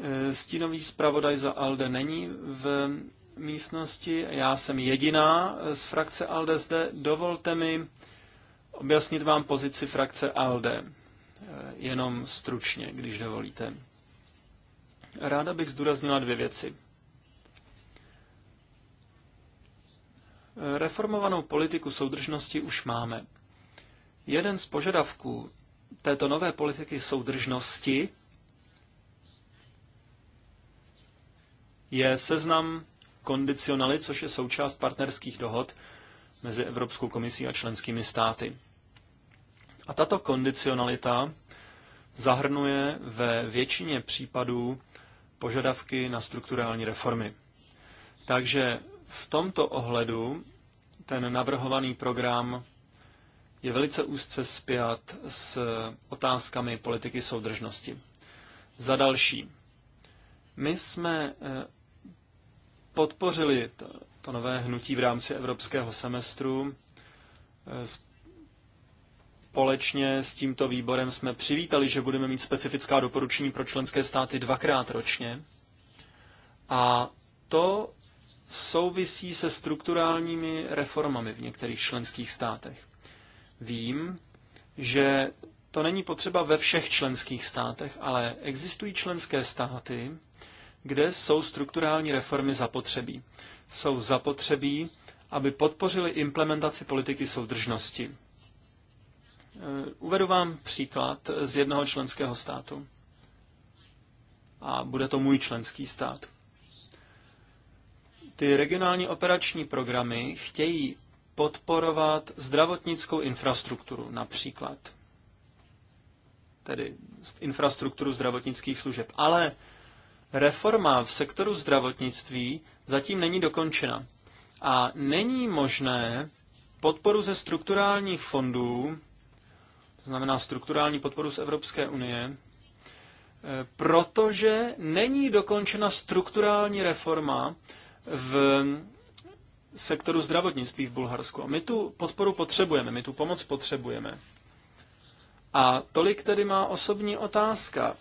Eh, stínový zpravodaj za ALDE není v místnosti, já jsem jediná eh, z frakce ALDE zde. Dovolte mi objasnit vám pozici frakce ALDE, eh, jenom stručně, když dovolíte. Ráda bych zdůraznila dvě věci. Reformovanou politiku soudržnosti už máme. Jeden z požadavků této nové politiky soudržnosti je seznam kondicionalit, což je součást partnerských dohod mezi Evropskou komisí a členskými státy. A tato kondicionalita zahrnuje ve většině případů požadavky na strukturální reformy. Takže v tomto ohledu ten navrhovaný program je velice úzce spjat s otázkami politiky soudržnosti. Za další, my jsme eh, podpořili to, to nové hnutí v rámci evropského semestru. E, společně s tímto výborem jsme přivítali, že budeme mít specifická doporučení pro členské státy dvakrát ročně. A to souvisí se strukturálními reformami v některých členských státech. Vím, že to není potřeba ve všech členských státech, ale existují členské státy, kde jsou strukturální reformy zapotřebí. Jsou zapotřebí, aby podpořili implementaci politiky soudržnosti. E, uvedu vám příklad z jednoho členského státu. A bude to můj členský stát. Ty regionální operační programy chtějí podporovat zdravotnickou infrastrukturu například. Tedy infrastrukturu zdravotnických služeb. Ale Reforma v sektoru zdravotnictví zatím není dokončena a není možné podporu ze strukturálních fondů, to znamená strukturální podporu z Evropské unie, eh, protože není dokončena strukturální reforma v sektoru zdravotnictví v Bulharsku. A my tu podporu potřebujeme, my tu pomoc potřebujeme. A tolik tedy má osobní otázka.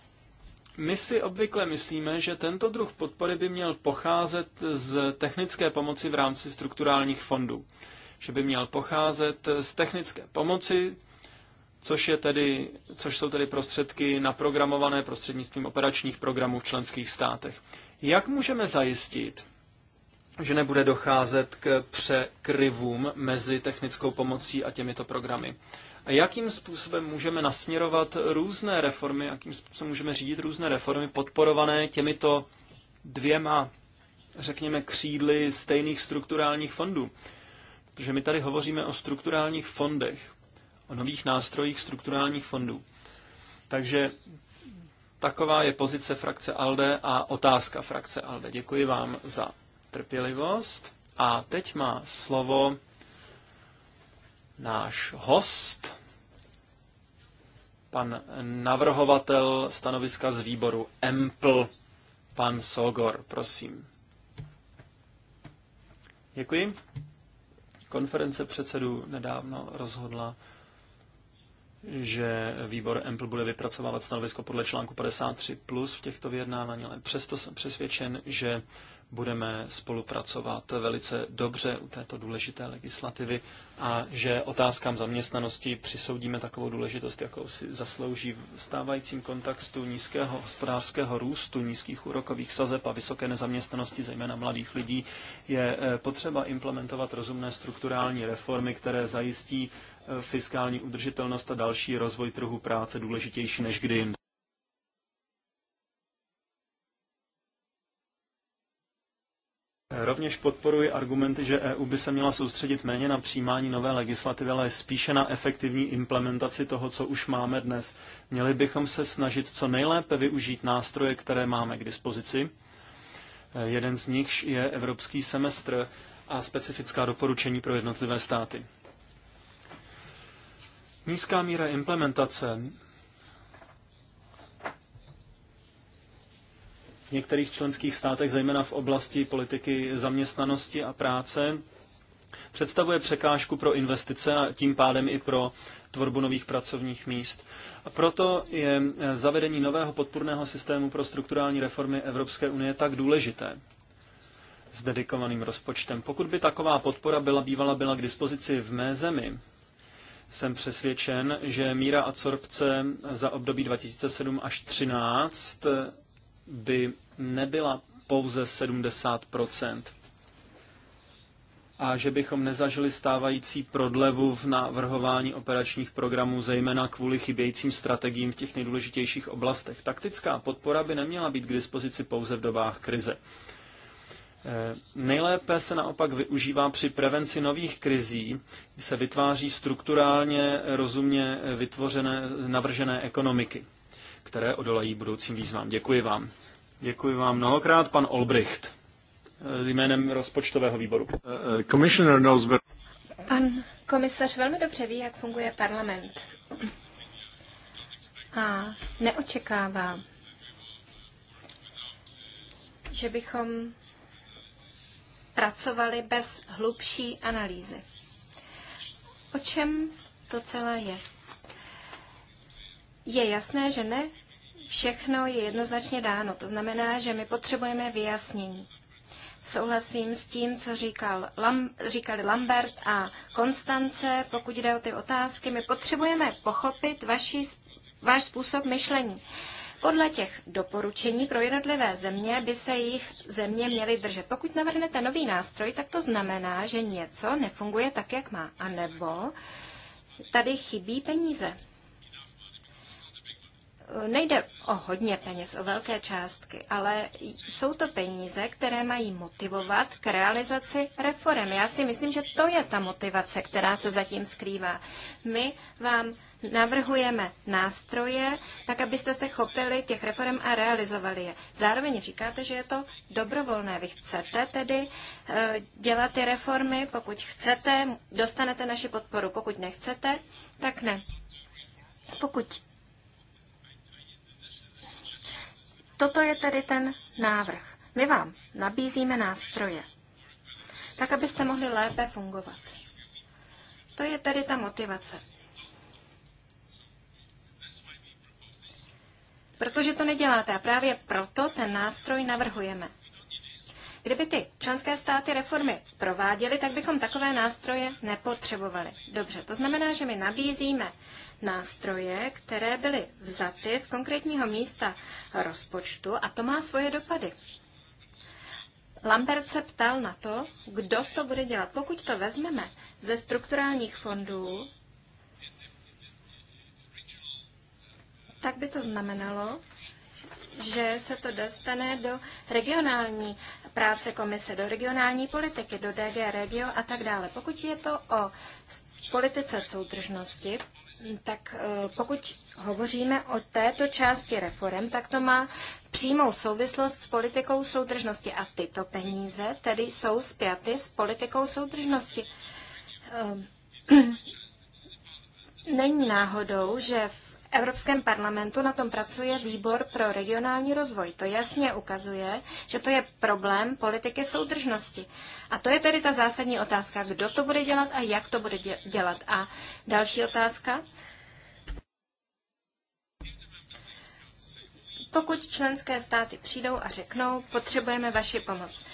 My si obvykle myslíme, že tento druh podpory by měl pocházet z technické pomoci v rámci strukturálních fondů. Že by měl pocházet z technické pomoci, což, je tedy, což jsou tedy prostředky naprogramované prostřednictvím operačních programů v členských státech. Jak můžeme zajistit, že nebude docházet k překryvům mezi technickou pomocí a těmito programy? a jakým způsobem můžeme nasměrovat různé reformy, jakým způsobem můžeme řídit různé reformy podporované těmito dvěma, řekněme, křídly stejných strukturálních fondů. Protože my tady hovoříme o strukturálních fondech, o nových nástrojích strukturálních fondů. Takže taková je pozice frakce ALDE a otázka frakce ALDE. Děkuji vám za trpělivost. A teď má slovo náš host, pan navrhovatel stanoviska z výboru EMPL, pan Sogor, prosím. Děkuji. Konference předsedů nedávno rozhodla, že výbor EMPL bude vypracovávat stanovisko podle článku 53+, plus v těchto vyjednávání, ale přesto jsem přesvědčen, že budeme spolupracovat velice dobře u této důležité legislativy a že otázkám zaměstnanosti přisoudíme takovou důležitost, jakou si zaslouží v stávajícím kontextu nízkého hospodářského růstu, nízkých úrokových sazeb a vysoké nezaměstnanosti, zejména mladých lidí, je eh, potřeba implementovat rozumné strukturální reformy, které zajistí eh, fiskální udržitelnost a další rozvoj trhu práce důležitější než kdy jinde. Rovněž podporuji argumenty, že EU by se měla soustředit méně na přijímání nové legislativy, ale spíše na efektivní implementaci toho, co už máme dnes. Měli bychom se snažit co nejlépe využít nástroje, které máme k dispozici. E, jeden z nich je evropský semestr a specifická doporučení pro jednotlivé státy. Nízká míra implementace v některých členských státech, zejména v oblasti politiky zaměstnanosti a práce, představuje překážku pro investice a tím pádem i pro tvorbu nových pracovních míst. A proto je zavedení nového podpůrného systému pro strukturální reformy Evropské unie tak důležité s dedikovaným rozpočtem. Pokud by taková podpora byla bývala byla k dispozici v mé zemi, jsem přesvědčen, že míra absorpce za období 2007 až 2013 by nebyla pouze 70 a že bychom nezažili stávající prodlevu v navrhování operačních programů, zejména kvůli chybějícím strategiím v těch nejdůležitějších oblastech. Taktická podpora by neměla být k dispozici pouze v dobách krize. Eh, nejlépe se naopak využívá při prevenci nových krizí, kdy se vytváří strukturálně rozumně vytvořené, navržené ekonomiky které odolají budoucím výzvám. Děkuji vám. Děkuji vám mnohokrát, pan Olbricht, eh, jménem rozpočtového výboru. Eh, eh, pan komisař velmi dobře ví, jak funguje parlament. A neočekává, že bychom pracovali bez hlubší analýzy. O čem to celé je? Je jasné, že ne všechno je jednoznačně dáno. To znamená, že my potřebujeme vyjasnění. Souhlasím s tím, co říkal Lam, říkali Lambert a Konstance. Pokud jde o ty otázky, my potřebujeme pochopit vaši, váš způsob myšlení. Podle těch doporučení pro jednotlivé země by se jich země měly držet. Pokud navrhnete nový nástroj, tak to znamená, že něco nefunguje tak, jak má. A nebo tady chybí peníze. Nejde o hodně peněz, o velké částky, ale jsou to peníze, které mají motivovat k realizaci reform. Já si myslím, že to je ta motivace, která se zatím skrývá. My vám navrhujeme nástroje, tak abyste se chopili těch reform a realizovali je. Zároveň říkáte, že je to dobrovolné. Vy chcete tedy eh, dělat ty reformy, pokud chcete, dostanete naši podporu. Pokud nechcete, tak ne. Pokud Toto je tedy ten návrh. My vám nabízíme nástroje, tak abyste mohli lépe fungovat. To je tedy ta motivace. Protože to neděláte a právě proto ten nástroj navrhujeme. Kdyby ty členské státy reformy prováděly, tak bychom takové nástroje nepotřebovali. Dobře, to znamená, že my nabízíme nástroje, které byly vzaty z konkrétního místa rozpočtu a to má svoje dopady. Lambert se ptal na to, kdo to bude dělat. Pokud to vezmeme ze strukturálních fondů, tak by to znamenalo, že se to dostane do regionální práce komise, do regionální politiky, do DG Regio a tak dále. Pokud je to o politice soudržnosti, tak eh, pokud hovoříme o této části reform, tak to má přímou souvislost s politikou soudržnosti. A tyto peníze tedy jsou zpěty s politikou soudržnosti. Eh, Není náhodou, že v Evropském parlamentu na tom pracuje výbor pro regionální rozvoj. To jasně ukazuje, že to je problém politiky soudržnosti. A to je tedy ta zásadní otázka, kdo to bude dělat a jak to bude dělat. A další otázka. Pokud členské státy přijdou a řeknou, potřebujeme vaši pomoc.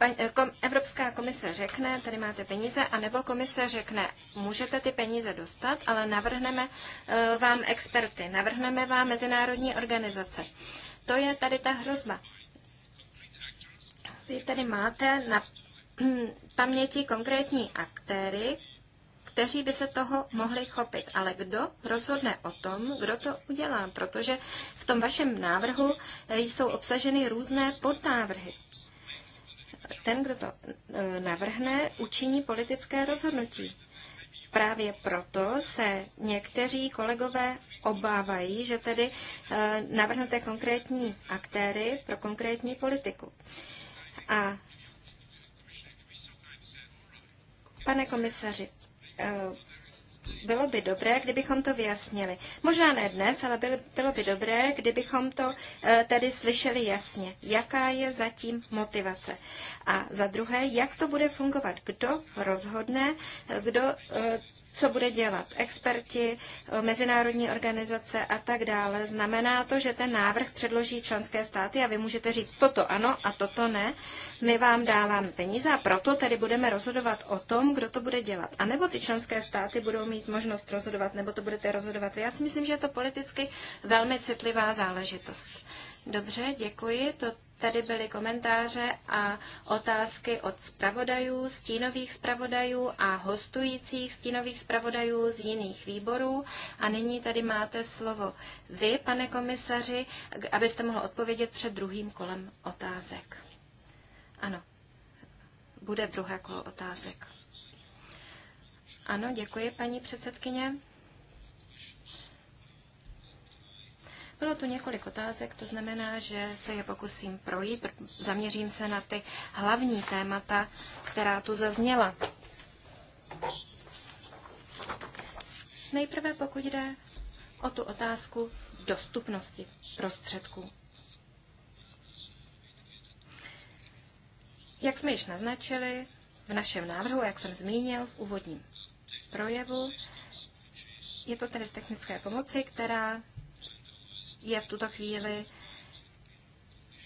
E, e, Evropská komise řekne, tady máte peníze, anebo komise řekne, můžete ty peníze dostat, ale navrhneme e, vám experty, navrhneme vám mezinárodní organizace. To je tady ta hrozba. Vy tady máte na paměti konkrétní aktéry, kteří by se toho mohli chopit. Ale kdo rozhodne o tom, kdo to udělá? Protože v tom vašem návrhu jsou obsaženy různé podnávrhy ten, kdo to e, navrhne, učiní politické rozhodnutí. Právě proto se někteří kolegové obávají, že tedy e, navrhnuté konkrétní aktéry pro konkrétní politiku. A pane komisaři, e, bylo by dobré, kdybychom to vyjasnili. Možná ne dnes, ale bylo by dobré, kdybychom to eh, tady slyšeli jasně. Jaká je zatím motivace? A za druhé, jak to bude fungovat? Kdo rozhodne, kdo eh, co bude dělat experti, mezinárodní organizace a tak dále. Znamená to, že ten návrh předloží členské státy a vy můžete říct toto ano a toto ne. My vám dáváme peníze a proto tedy budeme rozhodovat o tom, kdo to bude dělat. A nebo ty členské státy budou mít možnost rozhodovat, nebo to budete rozhodovat. Já si myslím, že je to politicky velmi citlivá záležitost. Dobře, děkuji. To Tady byly komentáře a otázky od zpravodajů, stínových zpravodajů a hostujících stínových zpravodajů z jiných výborů. A nyní tady máte slovo vy, pane komisaři, abyste mohl odpovědět před druhým kolem otázek. Ano, bude druhé kolo otázek. Ano, děkuji, paní předsedkyně. Bylo tu několik otázek, to znamená, že se je pokusím projít, zaměřím se na ty hlavní témata, která tu zazněla. Nejprve pokud jde o tu otázku dostupnosti prostředků. Jak jsme již naznačili v našem návrhu, jak jsem zmínil v úvodním projevu, je to tedy z technické pomoci, která je v tuto chvíli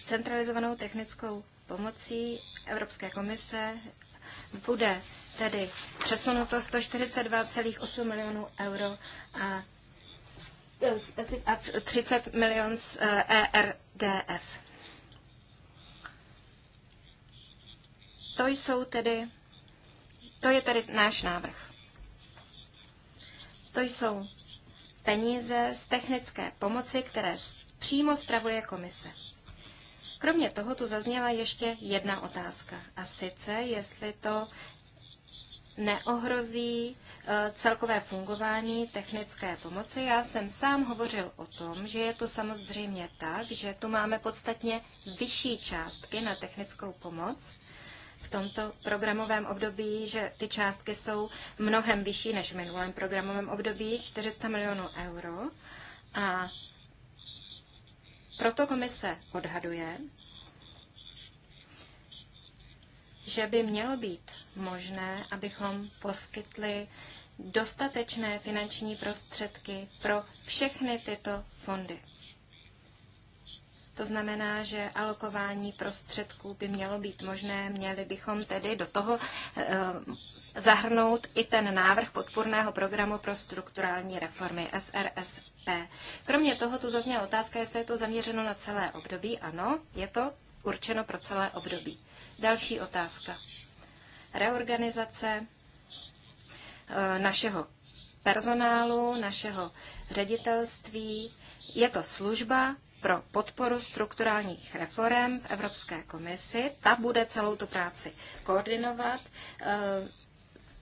centralizovanou technickou pomocí Evropské komise. Bude tedy přesunuto 142,8 milionů euro a 30 e, milion z ERDF. E to jsou tedy, to je tedy náš návrh. To jsou peníze z technické pomoci, které přímo spravuje komise. Kromě toho tu zazněla ještě jedna otázka, a sice jestli to neohrozí e, celkové fungování technické pomoci. Já jsem sám hovořil o tom, že je to samozřejmě tak, že tu máme podstatně vyšší částky na technickou pomoc v tomto programovém období, že ty částky jsou mnohem vyšší než v minulém programovém období, 400 milionů euro. A proto komise odhaduje, že by mělo být možné, abychom poskytli dostatečné finanční prostředky pro všechny tyto fondy. To znamená, že alokování prostředků by mělo být možné, měli bychom tedy do toho eh, zahrnout i ten návrh podpůrného programu pro strukturální reformy SRSP. Kromě toho tu zazněla otázka, jestli je to zaměřeno na celé období. Ano, je to určeno pro celé období. Další otázka. Reorganizace eh, našeho personálu, našeho ředitelství. Je to služba, pro podporu strukturálních reform v Evropské komisi. Ta bude celou tu práci koordinovat. Eh,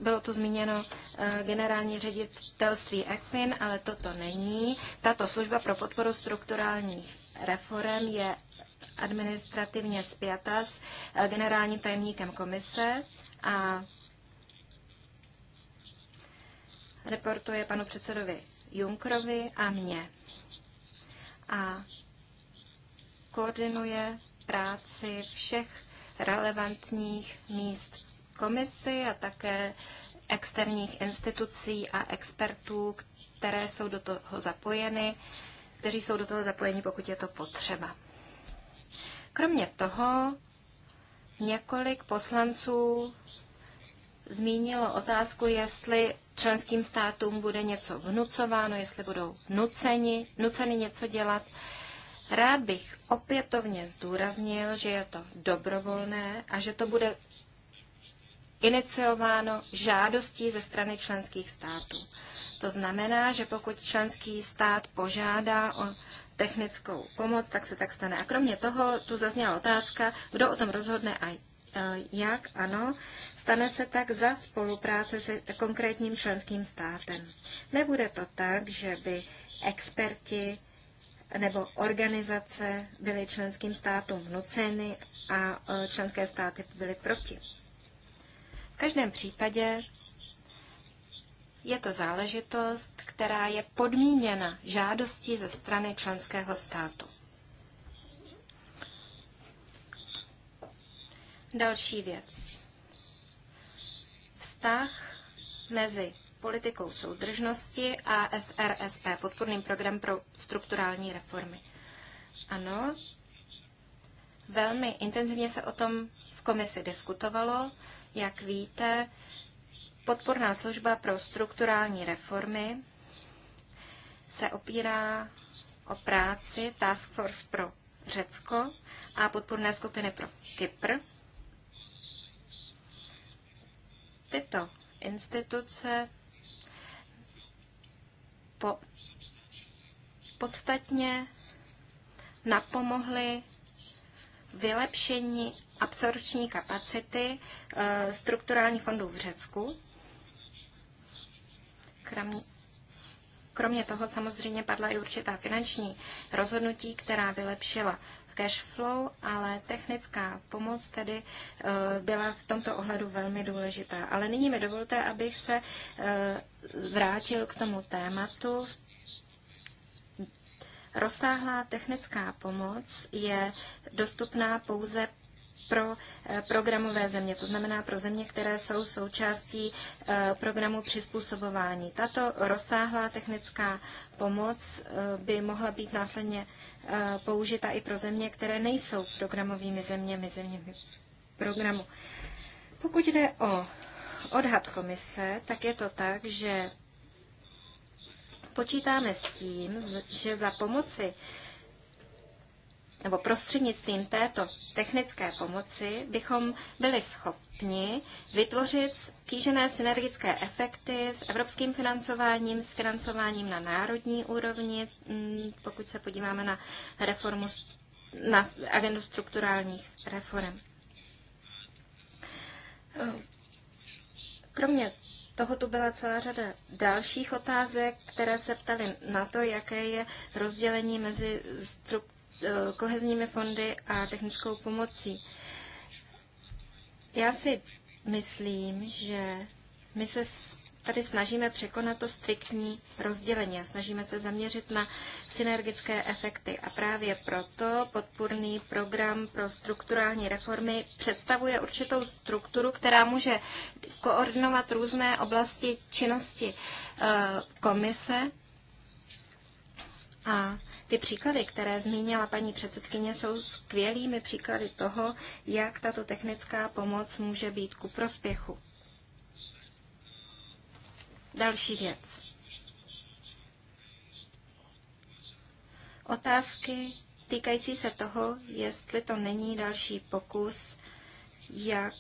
bylo to zmíněno eh, generální ředitelství ECFIN, ale toto není. Tato služba pro podporu strukturálních reform je administrativně spjata s eh, generálním tajemníkem komise a reportuje panu předsedovi Junkrovi a mně. A koordinuje práci všech relevantních míst komisy a také externích institucí a expertů, které jsou do toho zapojeny, kteří jsou do toho zapojeni, pokud je to potřeba. Kromě toho několik poslanců zmínilo otázku, jestli členským státům bude něco vnucováno, jestli budou nuceni, nuceni něco dělat. Rád bych opětovně zdůraznil, že je to dobrovolné a že to bude iniciováno žádostí ze strany členských států. To znamená, že pokud členský stát požádá o technickou pomoc, tak se tak stane. A kromě toho tu zazněla otázka, kdo o tom rozhodne a e, jak ano, stane se tak za spolupráce se konkrétním členským státem. Nebude to tak, že by experti nebo organizace byly členským státům nuceny a e, členské státy byly proti. V každém případě je to záležitost, která je podmíněna žádostí ze strany členského státu. Další věc. Vztah mezi politikou soudržnosti a SRSP podporným program pro strukturální reformy. Ano, velmi intenzivně se o tom v komisi diskutovalo. Jak víte, podporná služba pro strukturální reformy se opírá o práci Task Force pro Řecko a podporné skupiny pro Kypr. Tyto instituce po, podstatně napomohly vylepšení absorpční kapacity eh, strukturálních fondů v Řecku. Kromě, kromě toho samozřejmě padla i určitá finanční rozhodnutí, která vylepšila cash flow, ale technická pomoc tedy eh, byla v tomto ohledu velmi důležitá. Ale nyní mi dovolte, abych se eh, vrátil k tomu tématu. Rozsáhlá technická pomoc je dostupná pouze pro eh, programové země, to znamená pro země, které jsou součástí eh, programu přizpůsobování. Tato rozsáhlá technická pomoc eh, by mohla být následně použita i pro země, které nejsou programovými zeměmi, zeměmi programu. Pokud jde o odhad komise, tak je to tak, že počítáme s tím, že za pomoci nebo prostřednictvím této technické pomoci bychom byli schopni vytvořit kýžené synergické efekty s evropským financováním, s financováním na národní úrovni, mm, pokud se podíváme na, reformu, na agendu strukturálních reform. Kromě toho tu byla celá řada dalších otázek, které se ptaly na to, jaké je rozdělení mezi eh, kohezními fondy a technickou pomocí. Já si myslím, že my se tady snažíme překonat to striktní rozdělení a snažíme se zaměřit na synergické efekty. A právě proto podpůrný program pro strukturální reformy představuje určitou strukturu, která může koordinovat různé oblasti činnosti eh, komise a ty příklady, které zmínila paní předsedkyně, jsou skvělými příklady toho, jak tato technická pomoc může být ku prospěchu. Další věc. Otázky týkající se toho, jestli to není další pokus, jak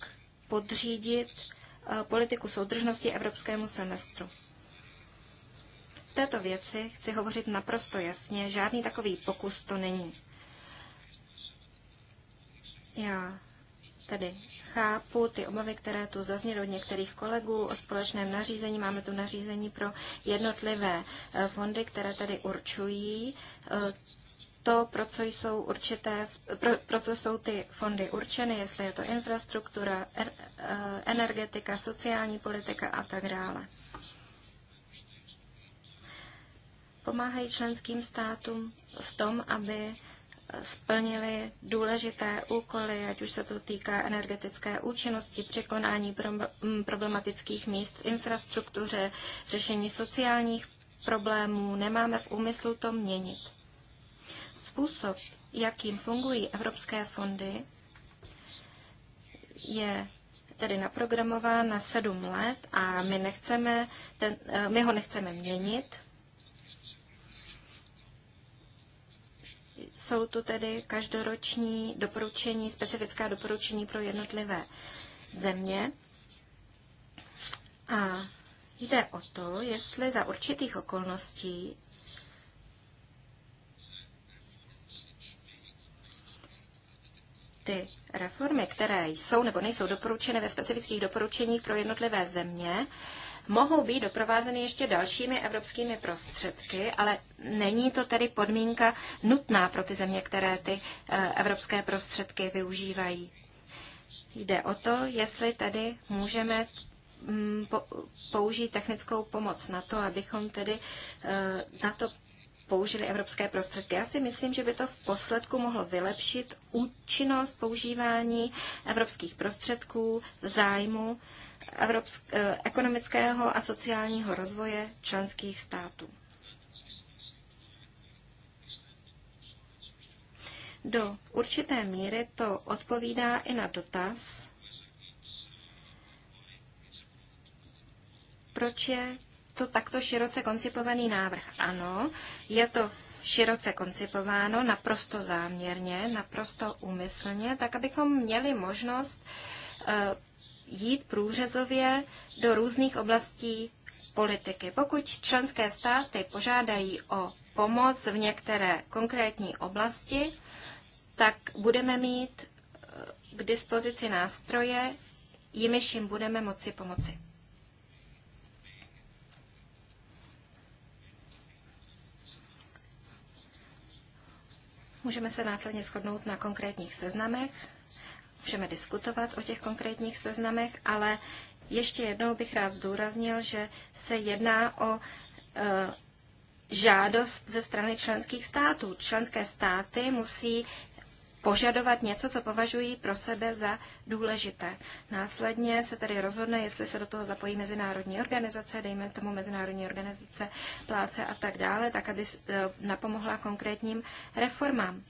podřídit eh, politiku soudržnosti evropskému semestru. V této věci chci hovořit naprosto jasně, žádný takový pokus to není. Já tedy chápu ty obavy, které tu zazněly od některých kolegů o společném nařízení. Máme tu nařízení pro jednotlivé e, fondy, které tedy určují e, to, pro co jsou, určité, pro, pro co jsou ty fondy určeny, jestli je to infrastruktura, er, energetika, sociální politika a tak dále. Pomáhají členským státům v tom, aby splnili důležité úkoly, ať už se to týká energetické účinnosti, překonání problematických míst v infrastruktuře, řešení sociálních problémů, nemáme v úmyslu to měnit. Způsob, jakým fungují evropské fondy, je tedy naprogramován na sedm let a my, nechceme ten, eh, my ho nechceme měnit. Jsou tu tedy každoroční doporučení, specifická doporučení pro jednotlivé země. A jde o to, jestli za určitých okolností ty reformy, které jsou nebo nejsou doporučeny ve specifických doporučeních pro jednotlivé země, mohou být doprovázeny ještě dalšími evropskými prostředky, ale není to tedy podmínka nutná pro ty země, které ty eh, evropské prostředky využívají. Jde o to, jestli tedy můžeme mm, použít technickou pomoc na to, abychom tedy eh, na to použili evropské prostředky. Já si myslím, že by to v posledku mohlo vylepšit účinnost používání evropských prostředků v zájmu evropsk- eh, ekonomického a sociálního rozvoje členských států. Do určité míry to odpovídá i na dotaz, proč je to takto široce koncipovaný návrh? Ano, je to široce koncipováno, naprosto záměrně, naprosto úmyslně, tak abychom měli možnost eh, jít průřezově do různých oblastí politiky. Pokud členské státy požádají o pomoc v některé konkrétní oblasti, tak budeme mít eh, k dispozici nástroje, jimiž jim budeme moci pomoci. Můžeme se následně shodnout na konkrétních seznamech, můžeme diskutovat o těch konkrétních seznamech, ale ještě jednou bych rád zdůraznil, že se jedná o e, žádost ze strany členských států. Členské státy musí požadovat něco, co považují pro sebe za důležité. Následně se tedy rozhodne, jestli se do toho zapojí mezinárodní organizace, dejme tomu mezinárodní organizace, pláce a tak dále, tak aby e, napomohla konkrétním reformám.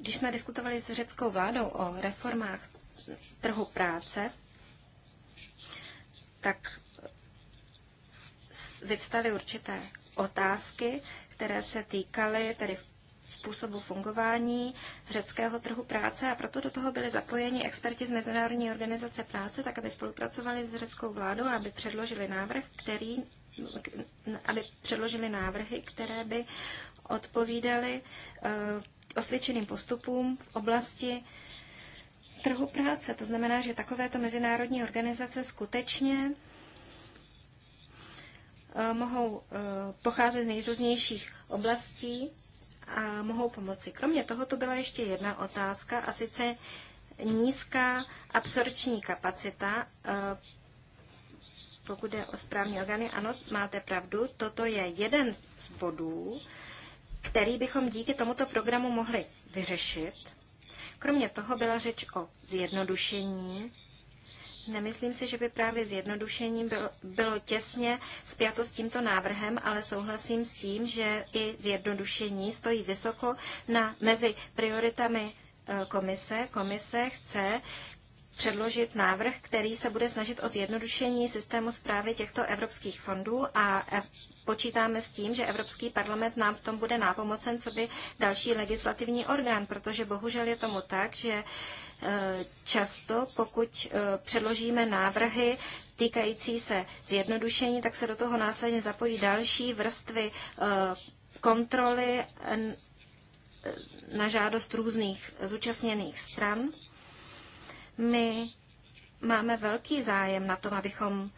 Když jsme diskutovali s řeckou vládou o reformách trhu práce, tak vyvstaly určité otázky, které se týkaly tedy způsobu fungování řeckého trhu práce a proto do toho byly zapojeni experti z Mezinárodní organizace práce, tak aby spolupracovali s řeckou vládou, aby předložili návrh, který aby předložili návrhy, které by odpovídaly eh, osvědčeným postupům v oblasti trhu práce. To znamená, že takovéto mezinárodní organizace skutečně Eh, mohou eh, pocházet z nejrůznějších oblastí a mohou pomoci. Kromě toho to byla ještě jedna otázka, a sice nízká absorční kapacita eh, pokud jde o správní orgány, ano, máte pravdu, toto je jeden z bodů, který bychom díky tomuto programu mohli vyřešit. Kromě toho byla řeč o zjednodušení. Nemyslím si, že by právě zjednodušením bylo, bylo těsně spjato s tímto návrhem, ale souhlasím s tím, že i zjednodušení stojí vysoko na, mezi prioritami e, komise. Komise chce předložit návrh, který se bude snažit o zjednodušení systému zprávy těchto evropských fondů a e, počítáme s tím, že Evropský parlament nám v tom bude nápomocen, co by další legislativní orgán, protože bohužel je tomu tak, že e, často, pokud e, předložíme návrhy týkající se zjednodušení, tak se do toho následně zapojí další vrstvy e, kontroly na žádost různých zúčastněných stran. My máme velký zájem na tom, abychom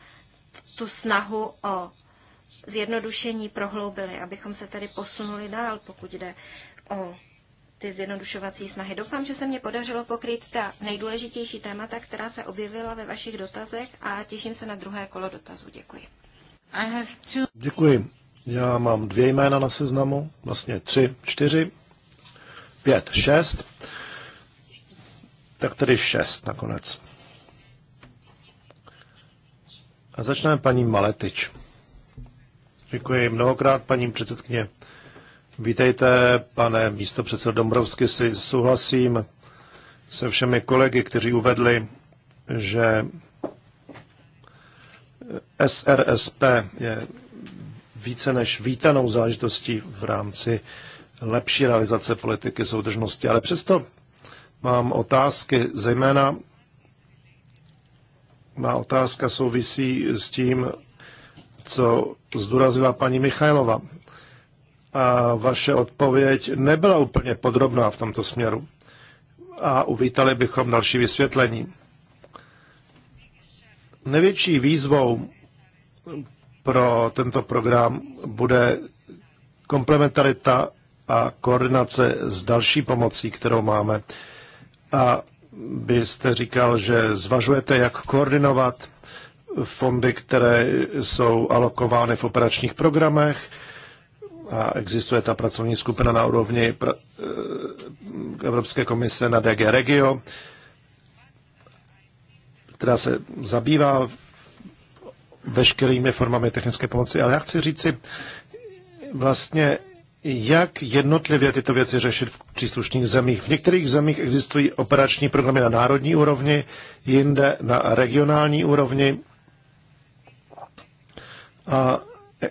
tu snahu o zjednodušení prohloubili, abychom se tady posunuli dál, pokud jde o ty zjednodušovací snahy. Doufám, že se mě podařilo pokrýt ta nejdůležitější témata, která se objevila ve vašich dotazech a těším se na druhé kolo dotazů. Děkuji. Děkuji. Já mám dvě jména na seznamu, vlastně tři, čtyři, pět, šest, tak tedy šest nakonec. A začneme paní Maletič. Děkuji mnohokrát, paní předsedkyně. Vítejte, pane místopředsedo Dombrovsky, si souhlasím se všemi kolegy, kteří uvedli, že SRSP je více než vítanou záležitostí v rámci lepší realizace politiky soudržnosti. Ale přesto mám otázky, zejména má otázka souvisí s tím, co zdůrazila paní Michajlova. A vaše odpověď nebyla úplně podrobná v tomto směru. A uvítali bychom další vysvětlení. Největší výzvou pro tento program bude komplementarita a koordinace s další pomocí, kterou máme. A byste říkal, že zvažujete, jak koordinovat fondy, které jsou alokovány v operačních programech a existuje ta pracovní skupina na úrovni eh, Evropské komise na DG Regio, která se zabývá veškerými formami technické pomoci. Ale já chci říci vlastně, jak jednotlivě tyto věci řešit v příslušných zemích. V některých zemích existují operační programy na národní úrovni, jinde na regionální úrovni a e,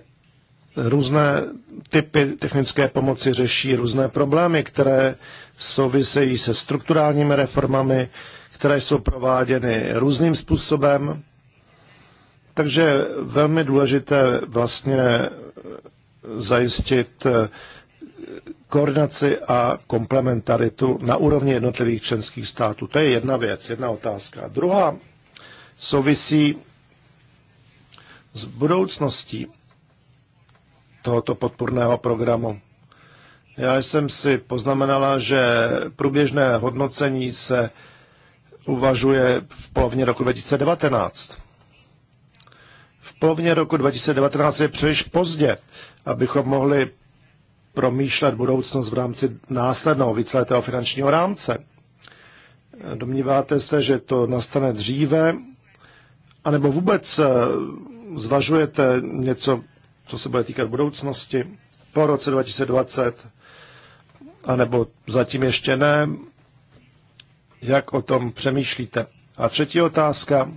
různé typy technické pomoci řeší různé problémy, které souvisejí se strukturálními reformami, které jsou prováděny různým způsobem. Takže velmi důležité vlastně e, zajistit e, koordinaci a komplementaritu na úrovni jednotlivých členských států. To je jedna věc, jedna otázka. Druhá souvisí s budoucností tohoto podpůrného programu. Já jsem si poznamenala, že průběžné hodnocení se uvažuje v polovině roku 2019. V polovině roku 2019 je příliš pozdě, abychom mohli promýšlet budoucnost v rámci následného víceletého finančního rámce. Domníváte se, že to nastane dříve, anebo vůbec eh, zvažujete něco, co se bude týkat budoucnosti po roce 2020, anebo zatím ještě ne, jak o tom přemýšlíte. A třetí otázka.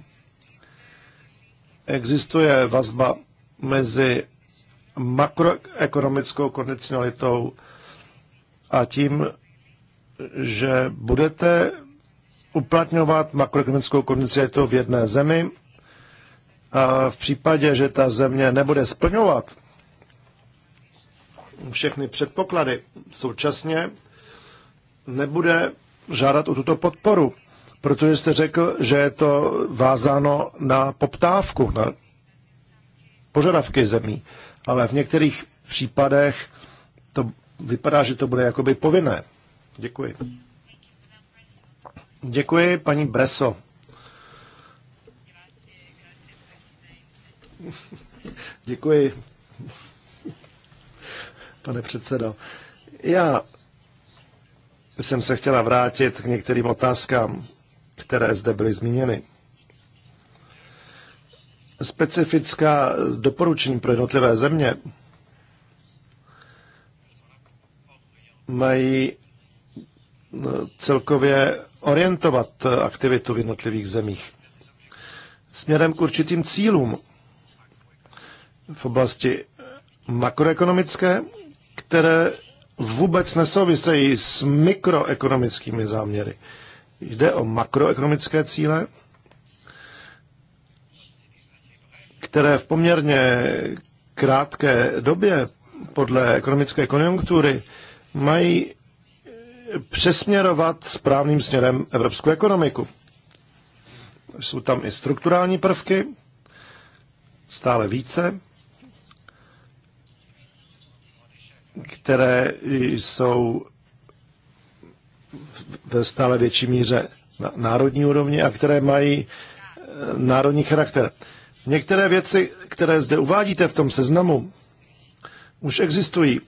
Existuje vazba mezi makroekonomickou kondicionalitou a tím, že budete uplatňovat makroekonomickou kondicionalitu v jedné zemi v případě, že ta země nebude splňovat všechny předpoklady současně, nebude žádat o tuto podporu, protože jste řekl, že je to vázáno na poptávku, na požadavky zemí. Ale v některých případech to vypadá, že to bude jakoby povinné. Děkuji. Děkuji, paní Breso. Děkuji, pane předsedo. Já jsem se chtěla vrátit k některým otázkám, které zde byly zmíněny. Specifická doporučení pro jednotlivé země mají no, celkově orientovat aktivitu v jednotlivých zemích směrem k určitým cílům v oblasti makroekonomické, které vůbec nesouvisejí s mikroekonomickými záměry. Jde o makroekonomické cíle, které v poměrně krátké době podle ekonomické konjunktury mají přesměrovat správným směrem evropskou ekonomiku. Jsou tam i strukturální prvky, stále více, které jsou ve stále větší míře na národní úrovni a které mají eh, národní charakter. Některé věci, které zde uvádíte v tom seznamu, už existují.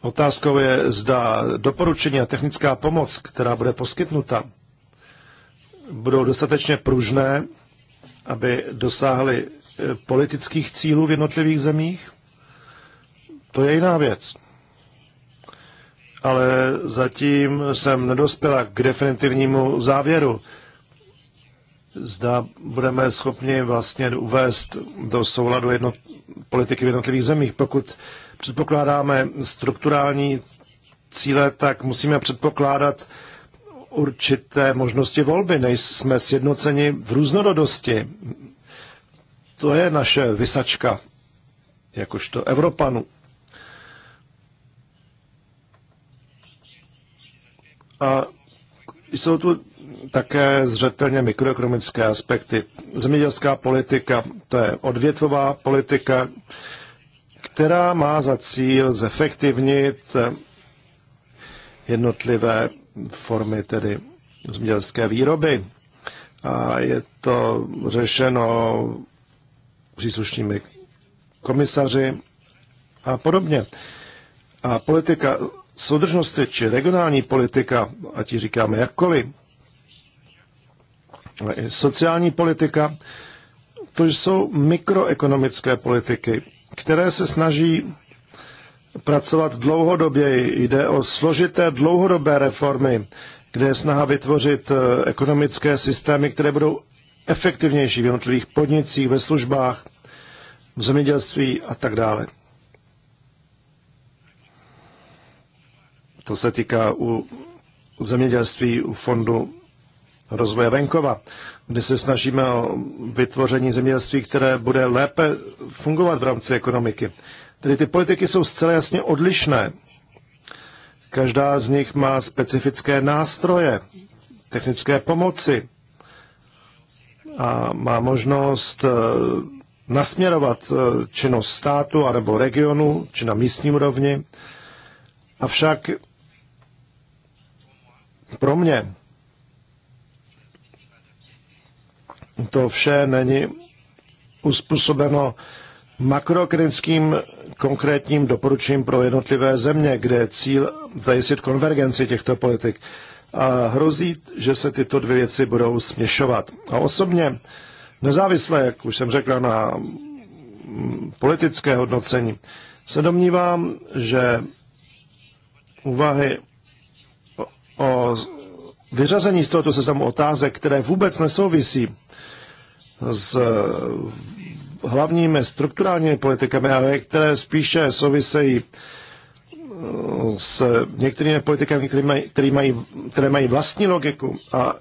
Otázkou je, zda doporučení a technická pomoc, která bude poskytnuta, budou dostatečně pružné, aby dosáhly politických cílů v jednotlivých zemích, to je jiná věc. Ale zatím jsem nedospěla k definitivnímu závěru. Zda budeme schopni vlastně uvést do souladu jednot, politiky v jednotlivých zemích. Pokud předpokládáme strukturální cíle, tak musíme předpokládat určité možnosti volby. Nejsme sjednoceni v různorodosti to je naše vysačka, jakožto Evropanu. A jsou tu také zřetelně mikroekonomické aspekty. Zemědělská politika, to je odvětvová politika, která má za cíl zefektivnit jednotlivé formy tedy zemědělské výroby. A je to řešeno příslušnými komisaři a podobně. A politika soudržnosti či regionální politika, ať ji říkáme jakkoliv, ale i sociální politika, to jsou mikroekonomické politiky, které se snaží pracovat dlouhodobě. Jde o složité dlouhodobé reformy, kde je snaha vytvořit eh, ekonomické systémy, které budou efektivnější v jednotlivých podnicích, ve službách, v zemědělství a tak dále. To se týká u zemědělství, u fondu rozvoje venkova, kde se snažíme o vytvoření zemědělství, které bude lépe fungovat v rámci ekonomiky. Tedy ty politiky jsou zcela jasně odlišné. Každá z nich má specifické nástroje, technické pomoci, a má možnost eh, nasměrovat eh, činnost státu anebo regionu či na místní úrovni. Avšak pro mě to vše není uspůsobeno makrokritickým konkrétním doporučením pro jednotlivé země, kde je cíl zajistit konvergenci těchto politik a hrozí, že se tyto dvě věci budou směšovat. A osobně, nezávisle, jak už jsem řekl na mm, politické hodnocení, se domnívám, že úvahy o vyřazení z tohoto seznamu otázek, které vůbec nesouvisí s hlavními strukturálními politikami, ale které spíše souvisejí s některými politikami, které mají, které mají, které mají vlastní logiku a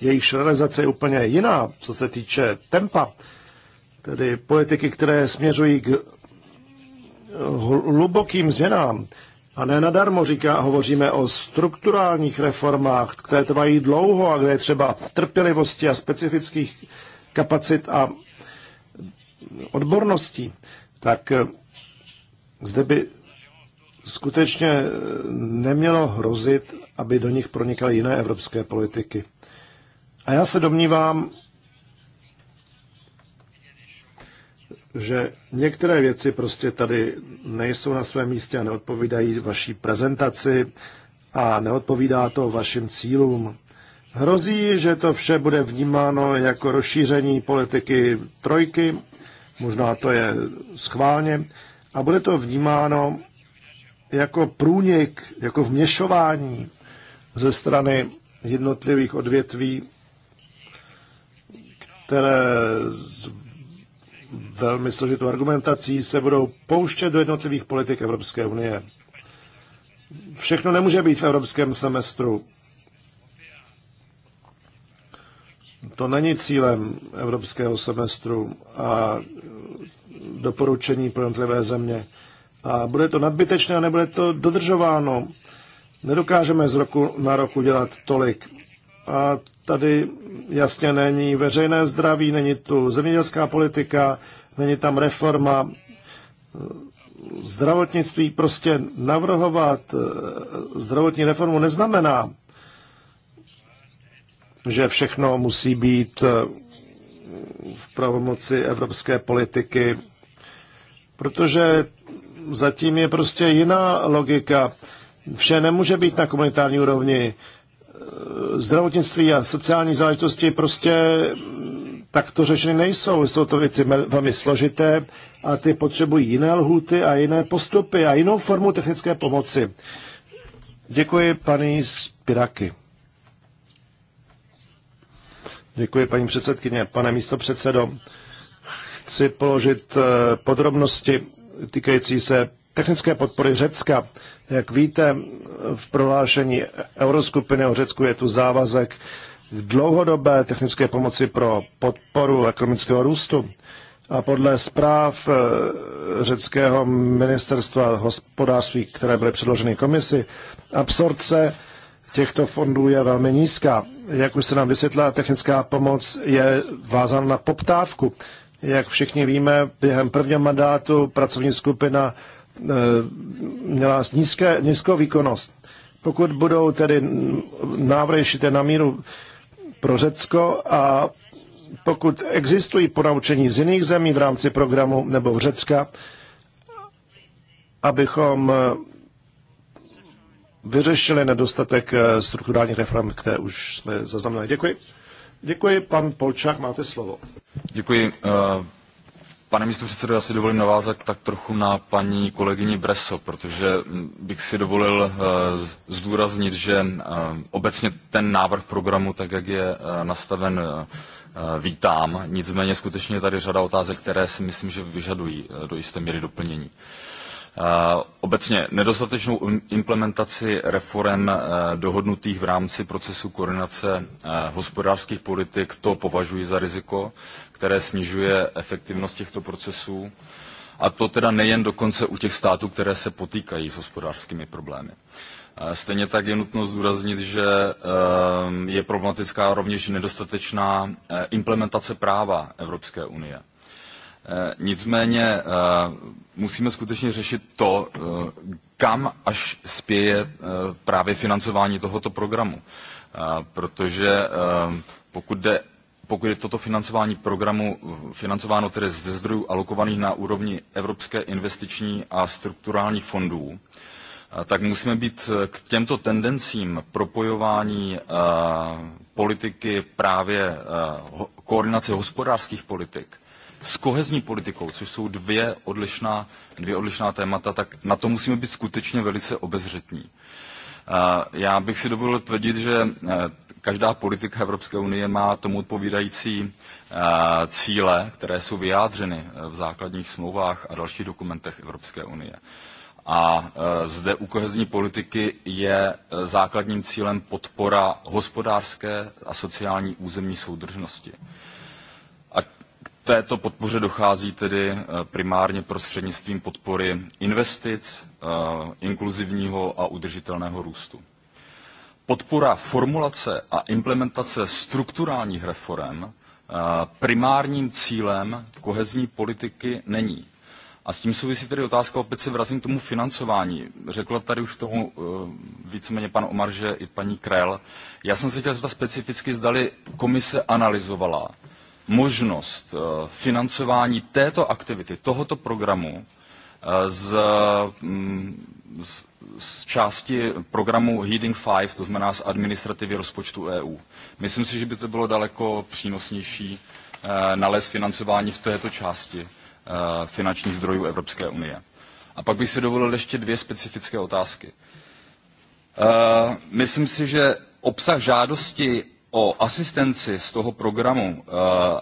jejich realizace je úplně jiná, co se týče tempa, tedy politiky, které směřují k hlubokým změnám. A ne nadarmo říká, hovoříme o strukturálních reformách, které trvají dlouho a kde je třeba trpělivosti a specifických kapacit a odborností. Tak eh, zde by skutečně eh, nemělo hrozit, aby do nich pronikaly jiné evropské politiky. A já se domnívám, že některé věci prostě tady nejsou na svém místě a neodpovídají vaší prezentaci a neodpovídá to vašim cílům. Hrozí, že to vše bude vnímáno jako rozšíření politiky trojky, možná to je schválně, a bude to vnímáno jako průnik, jako vměšování ze strany jednotlivých odvětví, které s velmi složitou argumentací se budou pouštět do jednotlivých politik Evropské unie. Všechno nemůže být v evropském semestru. To není cílem evropského semestru a doporučení pro jednotlivé země a bude to nadbytečné a nebude to dodržováno. Nedokážeme z roku na roku dělat tolik. A tady jasně není veřejné zdraví, není tu zemědělská politika, není tam reforma zdravotnictví. Prostě navrhovat eh, zdravotní reformu neznamená, že všechno musí být eh, v pravomoci evropské politiky, protože zatím je prostě jiná logika. Vše nemůže být na komunitární úrovni. Zdravotnictví a sociální záležitosti prostě takto řešeny nejsou. Jsou to věci velmi složité a ty potřebují jiné lhuty a jiné postupy a jinou formu technické pomoci. Děkuji paní Spiraky. Děkuji paní předsedkyně. Pane místo předsedo, chci položit eh, podrobnosti týkající se technické podpory Řecka. Jak víte, v prohlášení Euroskupiny o Řecku je tu závazek k dlouhodobé technické pomoci pro podporu ekonomického růstu. A podle zpráv eh, řeckého ministerstva hospodářství, které byly předloženy komisi, absorce těchto fondů je velmi nízká. Jak už se nám vysvětlila, technická pomoc je vázána na poptávku. Jak všichni víme, během prvního mandátu pracovní skupina eh, měla nízké, nízkou výkonnost. Pokud budou tedy návrhy šité na míru pro Řecko a pokud existují ponaučení z jiných zemí v rámci programu nebo v Řecka, abychom eh, vyřešili nedostatek eh, strukturálních reform, které už jsme zaznamenali. Děkuji. Děkuji, pan Polčák, máte slovo. Děkuji. Eh, pane místo předsedo, já si dovolím navázat tak trochu na paní kolegyni Breso, protože hm, bych si dovolil eh, zdůraznit, že hm, obecně ten návrh programu, tak jak je eh, nastaven, vítám. Nicméně skutečně je tady řada otázek, které si myslím, že vyžadují do jisté míry doplnění. Eh, obecně nedostatečnou implementaci reform eh, dohodnutých v rámci procesu koordinace eh, hospodářských politik, to považuji za riziko, které snižuje efektivnost těchto procesů. A to teda nejen dokonce u těch států, které se potýkají s hospodářskými problémy. Stejně tak je nutno zdůraznit, že je problematická rovněž nedostatečná implementace práva Evropské unie Eh, nicméně eh, musíme skutečně řešit to, eh, kam až spěje právě financování tohoto programu. Protože pokud jde pokud je toto financování programu financováno tedy ze zdrojů alokovaných na úrovni Evropské investiční a strukturální fondů, tak musíme být k těmto tendencím propojování politiky právě koordinace hospodářských politik s kohezní politikou, což jsou dvě odlišná, dvě odlišná témata, tak na to musíme být skutečně velice obezřetní. Eh, já bych si dovolil tvrdit, že eh, každá politika Evropské unie má tomu odpovídající eh, cíle, které jsou vyjádřeny v základních smlouvách a dalších dokumentech Evropské unie. A zde u kohezní politiky je základním cílem podpora hospodářské a sociální územní soudržnosti této podpoře dochází tedy eh, primárně prostřednictvím podpory investic, eh, inkluzivního a udržitelného růstu. Podpora formulace a implementace strukturálních reform eh, primárním cílem kohezní politiky není. A s tím souvisí tedy otázka, opět se vrazím k tomu financování. Řekla tady už tomu víceméně pan Omar, že i paní Krell. Já jsem se chtěl zeptat specificky, zdali komise analyzovala možnost eh, financování této aktivity, tohoto programu eh, z, mm, z, z části programu Heading 5, to znamená z administrativy rozpočtu EU. Myslím si, že by to bylo daleko přínosnější eh, nalézt financování v této části finančních zdrojů Evropské unie. A pak bych si dovolil ještě dvě specifické otázky. Myslím si, že obsah žádosti o asistenci z toho programu eh,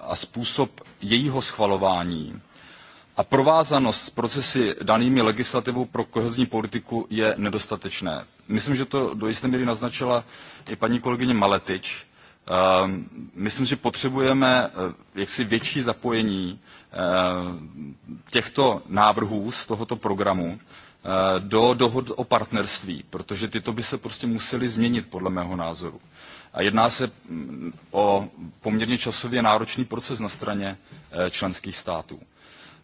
a způsob jejího schvalování a provázanost s procesy danými legislativou pro kohezní politiku je nedostatečné. Myslím, že to do jisté míry naznačila i paní kolegyně Maletič. Eh, myslím, že potřebujeme eh, jaksi větší zapojení těchto návrhů z tohoto programu Eh, do dohod o partnerství, protože tyto by se prostě musely změnit, podle mého názoru. A jedná se mm, o poměrně časově náročný proces na straně eh, členských států.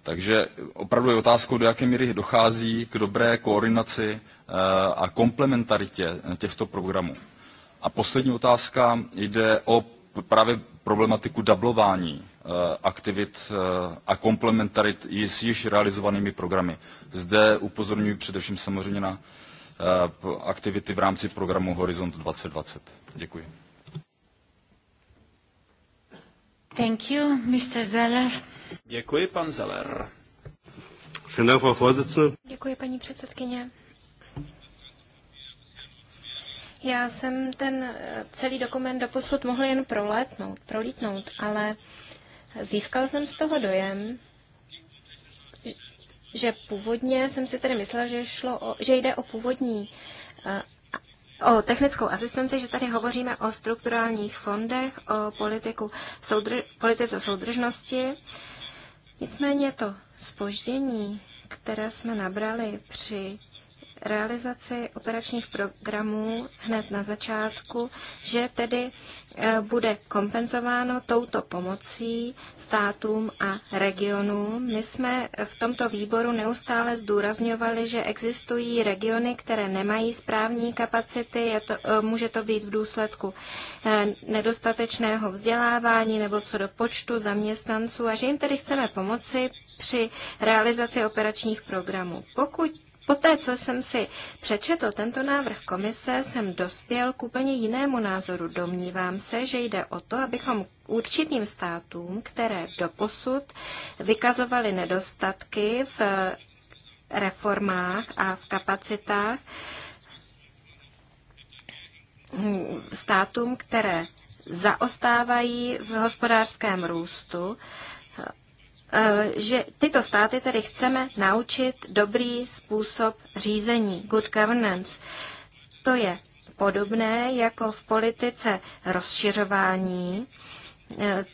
Takže opravdu je otázkou, do jaké míry dochází k dobré koordinaci eh, a komplementaritě těchto programů. A poslední otázka jde o právě problematiku dublování eh, aktivit eh, a komplementarit s již realizovanými programy. Zde upozorňuji především samozřejmě na eh, aktivity v rámci programu Horizont 2020. Děkuji. Thank you, Mr. Zeller. Děkuji, pan Zeller. Děkuji, paní předsedkyně. Já jsem ten eh, celý dokument doposud mohl jen prolétnout, prolítnout, ale získal jsem z toho dojem, že původně jsem si tedy myslel, že, šlo o, že jde o původní eh, o technickou asistenci, že tady hovoříme o strukturálních fondech, o politiku soudr- politice soudržnosti. Nicméně to spoždění, které jsme nabrali při realizaci operačních programů hned na začátku, že tedy eh, bude kompenzováno touto pomocí státům a regionům. My jsme v tomto výboru neustále zdůrazňovali, že existují regiony, které nemají správní kapacity, je to, eh, může to být v důsledku eh, nedostatečného vzdělávání nebo co do počtu zaměstnanců a že jim tedy chceme pomoci při realizaci operačních programů. Pokud Poté, co jsem si přečetl tento návrh komise, jsem dospěl k úplně jinému názoru. Domnívám se, že jde o to, abychom určitým státům, které doposud vykazovaly nedostatky v reformách a v kapacitách, státům, které zaostávají v hospodářském růstu, Eh, že tyto státy tedy chceme naučit dobrý způsob řízení, good governance. To je podobné jako v politice rozšiřování. Eh,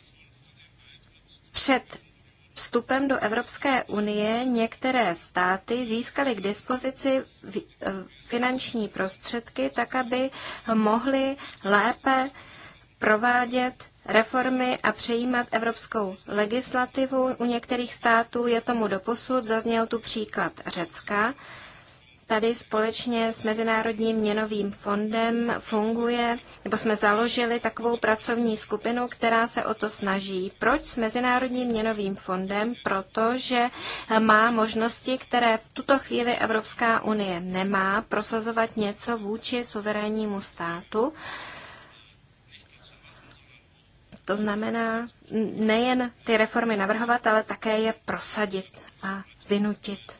před vstupem do Evropské unie některé státy získaly k dispozici eh, finanční prostředky, tak aby mohly lépe provádět reformy a přejímat evropskou legislativu. U některých států je tomu doposud, zazněl tu příklad Řecka. Tady společně s Mezinárodním měnovým fondem funguje, nebo jsme založili takovou pracovní skupinu, která se o to snaží. Proč s Mezinárodním měnovým fondem? Protože má možnosti, které v tuto chvíli Evropská unie nemá, prosazovat něco vůči suverénnímu státu. To znamená nejen ty reformy navrhovat, ale také je prosadit a vynutit.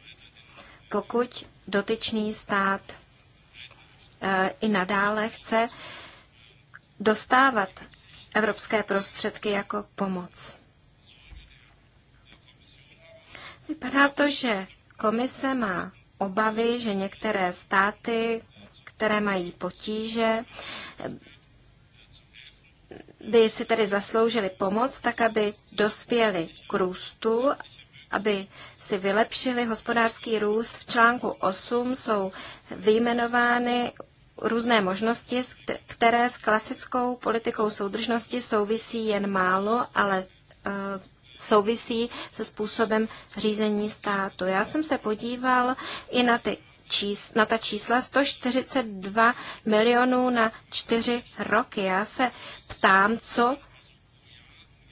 Pokud dotyčný stát e, i nadále chce dostávat evropské prostředky jako pomoc. Vypadá to, že komise má obavy, že některé státy, které mají potíže, by si tedy zasloužili pomoc, tak aby dospěli k růstu, aby si vylepšili hospodářský růst. V článku 8 jsou vyjmenovány různé možnosti, které s klasickou politikou soudržnosti souvisí jen málo, ale eh, souvisí se způsobem řízení státu. Já jsem se podíval i na ty čís, na ta čísla 142 milionů na čtyři roky. Já se ptám, co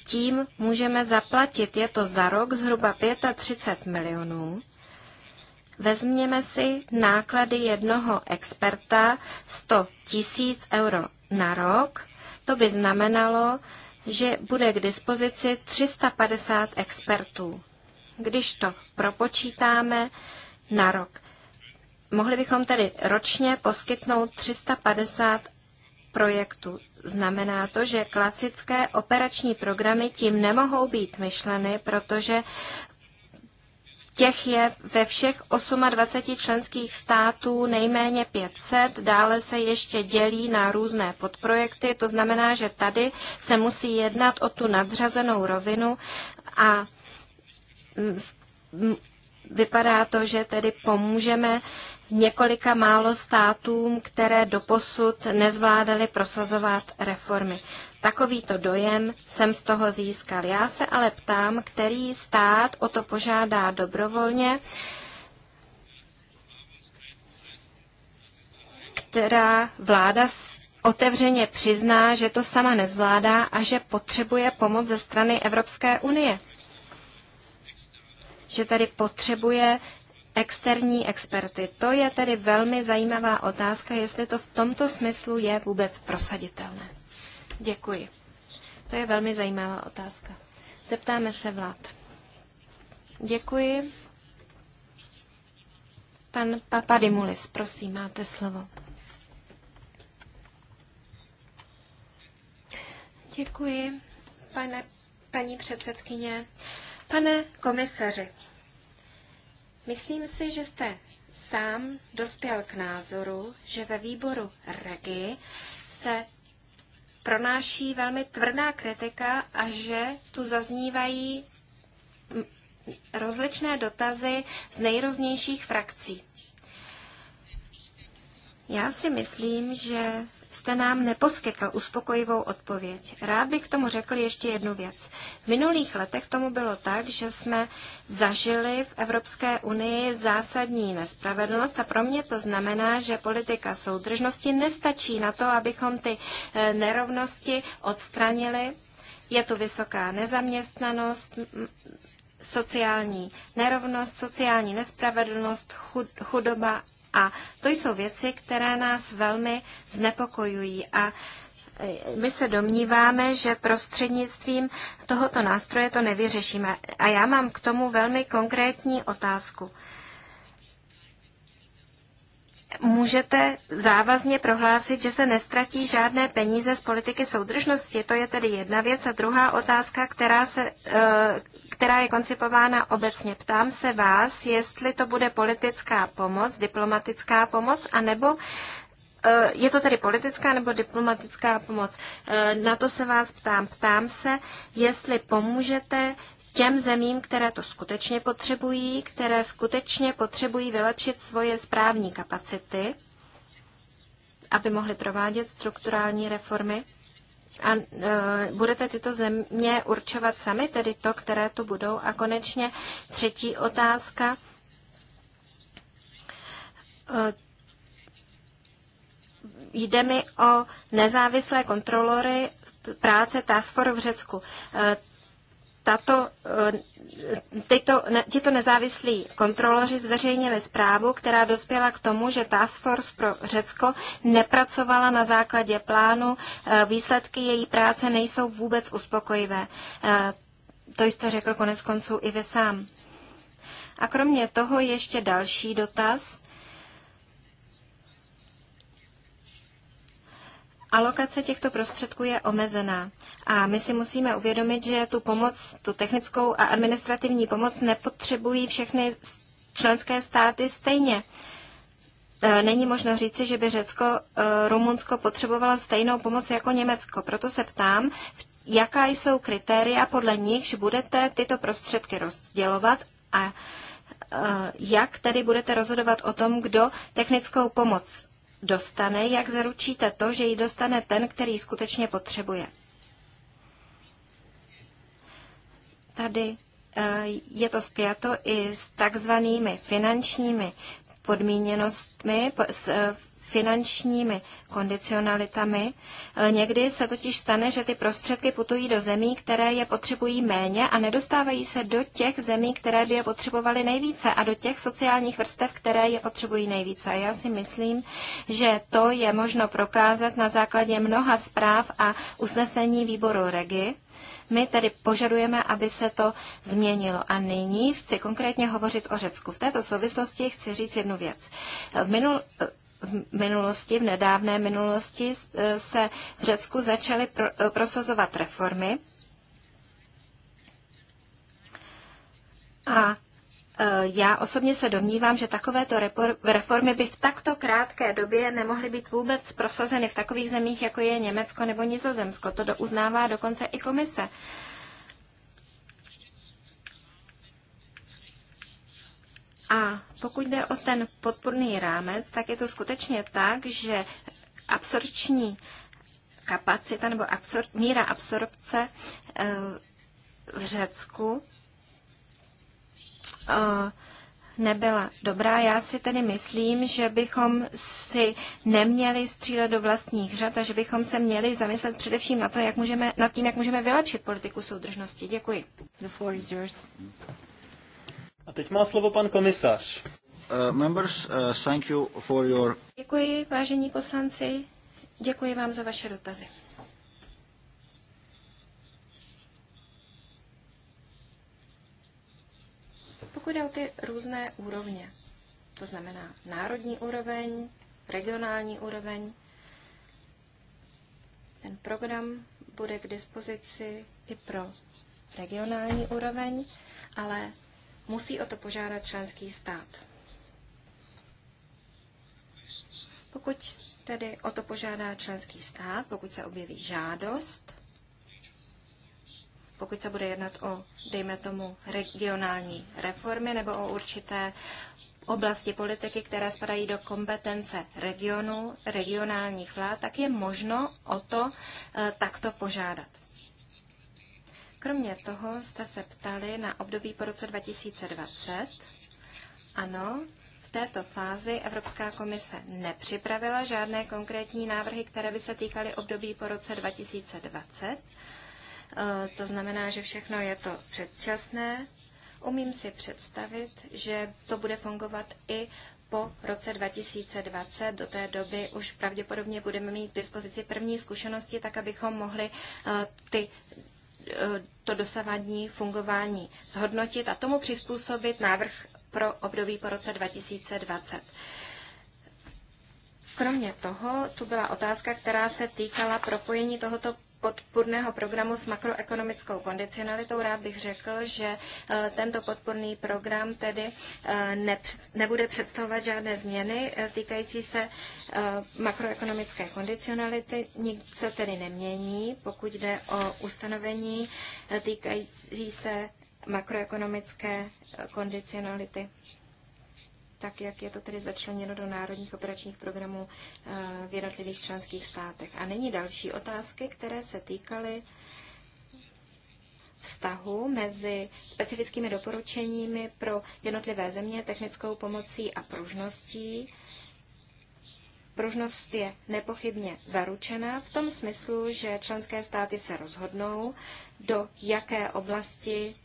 tím můžeme zaplatit. Je to za rok zhruba 35 milionů. Vezměme si náklady jednoho experta 100 tisíc euro na rok. To by znamenalo, že bude k dispozici 350 expertů. Když to propočítáme na rok, Mohli bychom tedy ročně poskytnout 350 projektů. Znamená to, že klasické operační programy tím nemohou být myšleny, protože Těch je ve všech 28 členských států nejméně 500, dále se ještě dělí na různé podprojekty, to znamená, že tady se musí jednat o tu nadřazenou rovinu a vypadá to, že tedy pomůžeme několika málo státům, které doposud nezvládaly prosazovat reformy. Takovýto dojem jsem z toho získal. Já se ale ptám, který stát o to požádá dobrovolně, která vláda otevřeně přizná, že to sama nezvládá a že potřebuje pomoc ze strany Evropské unie že tady potřebuje externí experty. To je tedy velmi zajímavá otázka, jestli to v tomto smyslu je vůbec prosaditelné. Děkuji. To je velmi zajímavá otázka. Zeptáme se vlád. Děkuji. Pan Papadimulis, prosím, máte slovo. Děkuji, pane, paní předsedkyně. Uh, Pane komisaři, myslím si, že jste sám dospěl k názoru, že ve výboru REGI se pronáší velmi tvrdá kritika a že tu zaznívají rozličné dotazy z nejrůznějších frakcí. Já si myslím, že jste nám neposkytl uspokojivou odpověď. Rád bych k tomu řekl ještě jednu věc. V minulých letech tomu bylo tak, že jsme zažili v Evropské unii zásadní nespravedlnost a pro mě to znamená, že politika soudržnosti nestačí na to, abychom ty eh, nerovnosti odstranili. Je tu vysoká nezaměstnanost, sociální nerovnost, sociální nespravedlnost, chudoba a to jsou věci, které nás velmi znepokojují. A e, my se domníváme, že prostřednictvím tohoto nástroje to nevyřešíme. A já mám k tomu velmi konkrétní otázku. Můžete závazně prohlásit, že se nestratí žádné peníze z politiky soudržnosti? To je tedy jedna věc. A druhá otázka, která se, e, která je koncipována obecně. Ptám se vás, jestli to bude politická pomoc, diplomatická pomoc, anebo eh, je to tedy politická nebo diplomatická pomoc? Eh, na to se vás ptám. Ptám se, jestli pomůžete těm zemím, které to skutečně potřebují, které skutečně potřebují vylepšit svoje správní kapacity, aby mohly provádět strukturální reformy. A e, budete tyto země určovat sami, tedy to, které tu budou? A konečně třetí otázka. E, jde mi o nezávislé kontrolory práce Task v Řecku. E, tato, eh, tyto, tyto nezávislí kontroloři zveřejnili zprávu, která dospěla k tomu, že Task Force pro Řecko nepracovala na základě plánu, eh, výsledky její práce nejsou vůbec uspokojivé. Eh, to jste řekl konec konců i vy sám. A kromě toho ještě další dotaz. alokace těchto prostředků je omezená a my si musíme uvědomit, že tu pomoc, tu technickou a administrativní pomoc nepotřebují všechny členské státy stejně. E, není možno říci, že by Řecko, e, Rumunsko potřebovalo stejnou pomoc jako Německo. Proto se ptám, jaká jsou kritéria, podle nichž budete tyto prostředky rozdělovat a e, jak tedy budete rozhodovat o tom, kdo technickou pomoc dostane, jak zaručíte to, že ji dostane ten, který skutečně potřebuje. Tady eh, je to zpěto i s takzvanými finančními podmíněnostmi, s eh, finančními kondicionalitami. Eh, někdy se totiž stane, že ty prostředky putují do zemí, které je potřebují méně a nedostávají se do těch zemí, které by je potřebovaly nejvíce a do těch sociálních vrstev, které je potřebují nejvíce. A já si myslím, že to je možno prokázat na základě mnoha zpráv a usnesení výboru REGI. My tedy požadujeme, aby se to změnilo. A nyní chci konkrétně hovořit o Řecku. V této souvislosti chci říct jednu věc. V minul, minulosti, v nedávné minulosti e, se v Řecku začaly e, prosazovat reformy. A e, já osobně se domnívám, že takovéto reformy by v takto krátké době nemohly být vůbec prosazeny v takových zemích, jako je Německo nebo Nizozemsko. To uznává dokonce i komise. Uh, A pokud jde o ten podporný rámec, tak je to skutečně tak, že absorpční kapacita nebo absor- míra absorpce eh, v Řecku eh, nebyla dobrá. Já si tedy myslím, že bychom si neměli střílet do vlastních řad a že bychom se měli zamyslet především na to, jak můžeme, nad tím, jak můžeme vylepšit politiku soudržnosti. Děkuji. The floor is yours. A teď má slovo pan komisař. Uh, members, uh, thank you for your... Děkuji, vážení poslanci. Děkuji vám za vaše dotazy. Pokud jde o ty různé úrovně, to znamená národní úroveň, regionální úroveň, ten program bude k dispozici i pro regionální úroveň, ale musí o to požádat členský stát. Pokud tedy o to požádá členský stát, pokud se objeví žádost, pokud se bude jednat o, dejme tomu, regionální reformy nebo o určité oblasti politiky, které spadají do kompetence regionu, regionálních vlád, tak je možno o to e, takto požádat. Kromě toho jste se ptali na období po roce 2020. Ano, v této fázi Evropská komise nepřipravila žádné konkrétní návrhy, které by se týkaly období po roce 2020. Eh, to znamená, že všechno je to předčasné. Umím si představit, že to bude fungovat i po roce 2020. Do té doby už pravděpodobně budeme mít k dispozici první zkušenosti, tak abychom mohli eh, ty Eh, to dosavadní fungování zhodnotit a tomu přizpůsobit návrh pro období po roce 2020. Kromě toho tu byla otázka, která se týkala propojení tohoto podpůrného programu s makroekonomickou kondicionalitou. Rád bych řekl, že eh, tento podpůrný program tedy eh, nebude představovat žádné změny eh, týkající se makroekonomické kondicionality. Nic se tedy nemění, pokud jde o ustanovení týkající se makroekonomické kondicionality tak jak je to tedy začleněno do národních operačních programů eh, v jednotlivých členských státech. A nyní další otázky, které se týkaly vztahu mezi specifickými doporučeními pro jednotlivé země, technickou pomocí a pružností. Pružnost je nepochybně zaručena v tom smyslu, že členské státy se rozhodnou, do jaké oblasti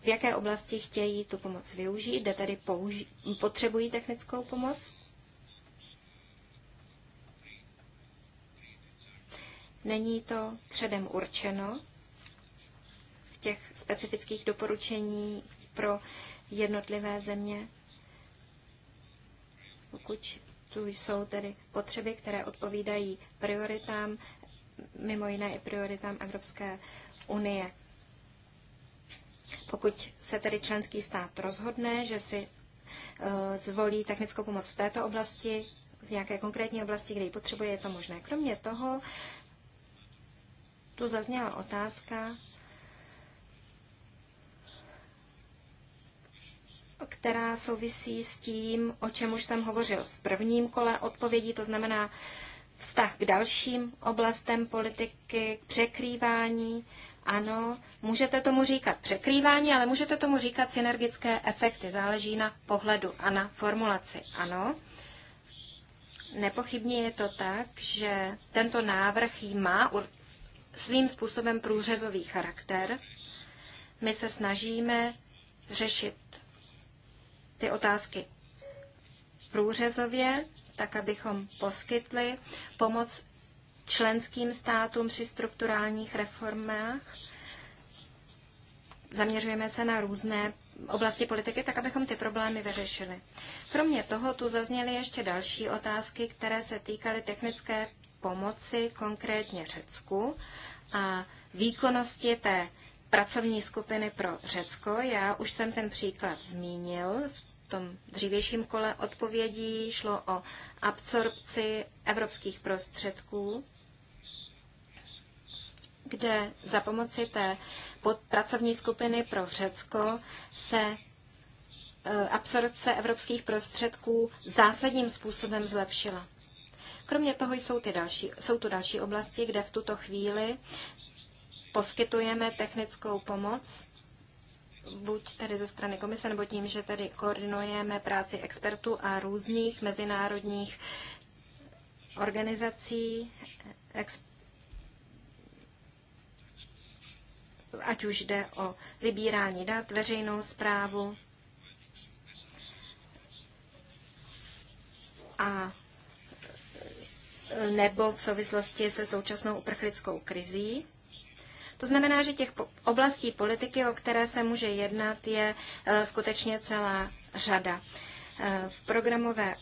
v jaké oblasti chtějí tu pomoc využít, kde tedy použi- potřebují technickou pomoc. Není to předem určeno v těch specifických doporučení pro jednotlivé země, pokud tu jsou tedy potřeby, které odpovídají prioritám, mimo jiné i prioritám Evropské unie. Pokud se tedy členský stát rozhodne, že si eh, zvolí technickou pomoc v této oblasti, v nějaké konkrétní oblasti, kde ji potřebuje, je to možné. Kromě toho, tu zazněla otázka, která souvisí s tím, o čem už jsem hovořil v prvním kole odpovědí, to znamená vztah k dalším oblastem politiky, k překrývání ano, můžete tomu říkat překrývání, ale můžete tomu říkat synergické efekty. Záleží na pohledu a na formulaci. Ano, nepochybně je to tak, že tento návrh má svým způsobem průřezový charakter. My se snažíme řešit ty otázky průřezově, tak abychom poskytli pomoc členským státům při strukturálních reformách. Zaměřujeme se na různé oblasti politiky, tak abychom ty problémy vyřešili. Kromě toho tu zazněly ještě další otázky, které se týkaly technické pomoci, konkrétně Řecku a výkonnosti té pracovní skupiny pro Řecko. Já už jsem ten příklad zmínil v tom dřívějším kole odpovědí šlo o absorpci evropských prostředků kde za pomoci té pracovní skupiny pro Řecko se e, absorpce evropských prostředků zásadním způsobem zlepšila. Kromě toho jsou, ty další, jsou tu další oblasti, kde v tuto chvíli poskytujeme technickou pomoc, buď tedy ze strany komise, nebo tím, že tedy koordinujeme práci expertů a různých mezinárodních organizací, ať už jde o vybírání dat, veřejnou zprávu a e, nebo v souvislosti se současnou uprchlickou krizí. To znamená, že těch oblastí politiky, o které se může jednat, je e, skutečně celá řada. E, v programové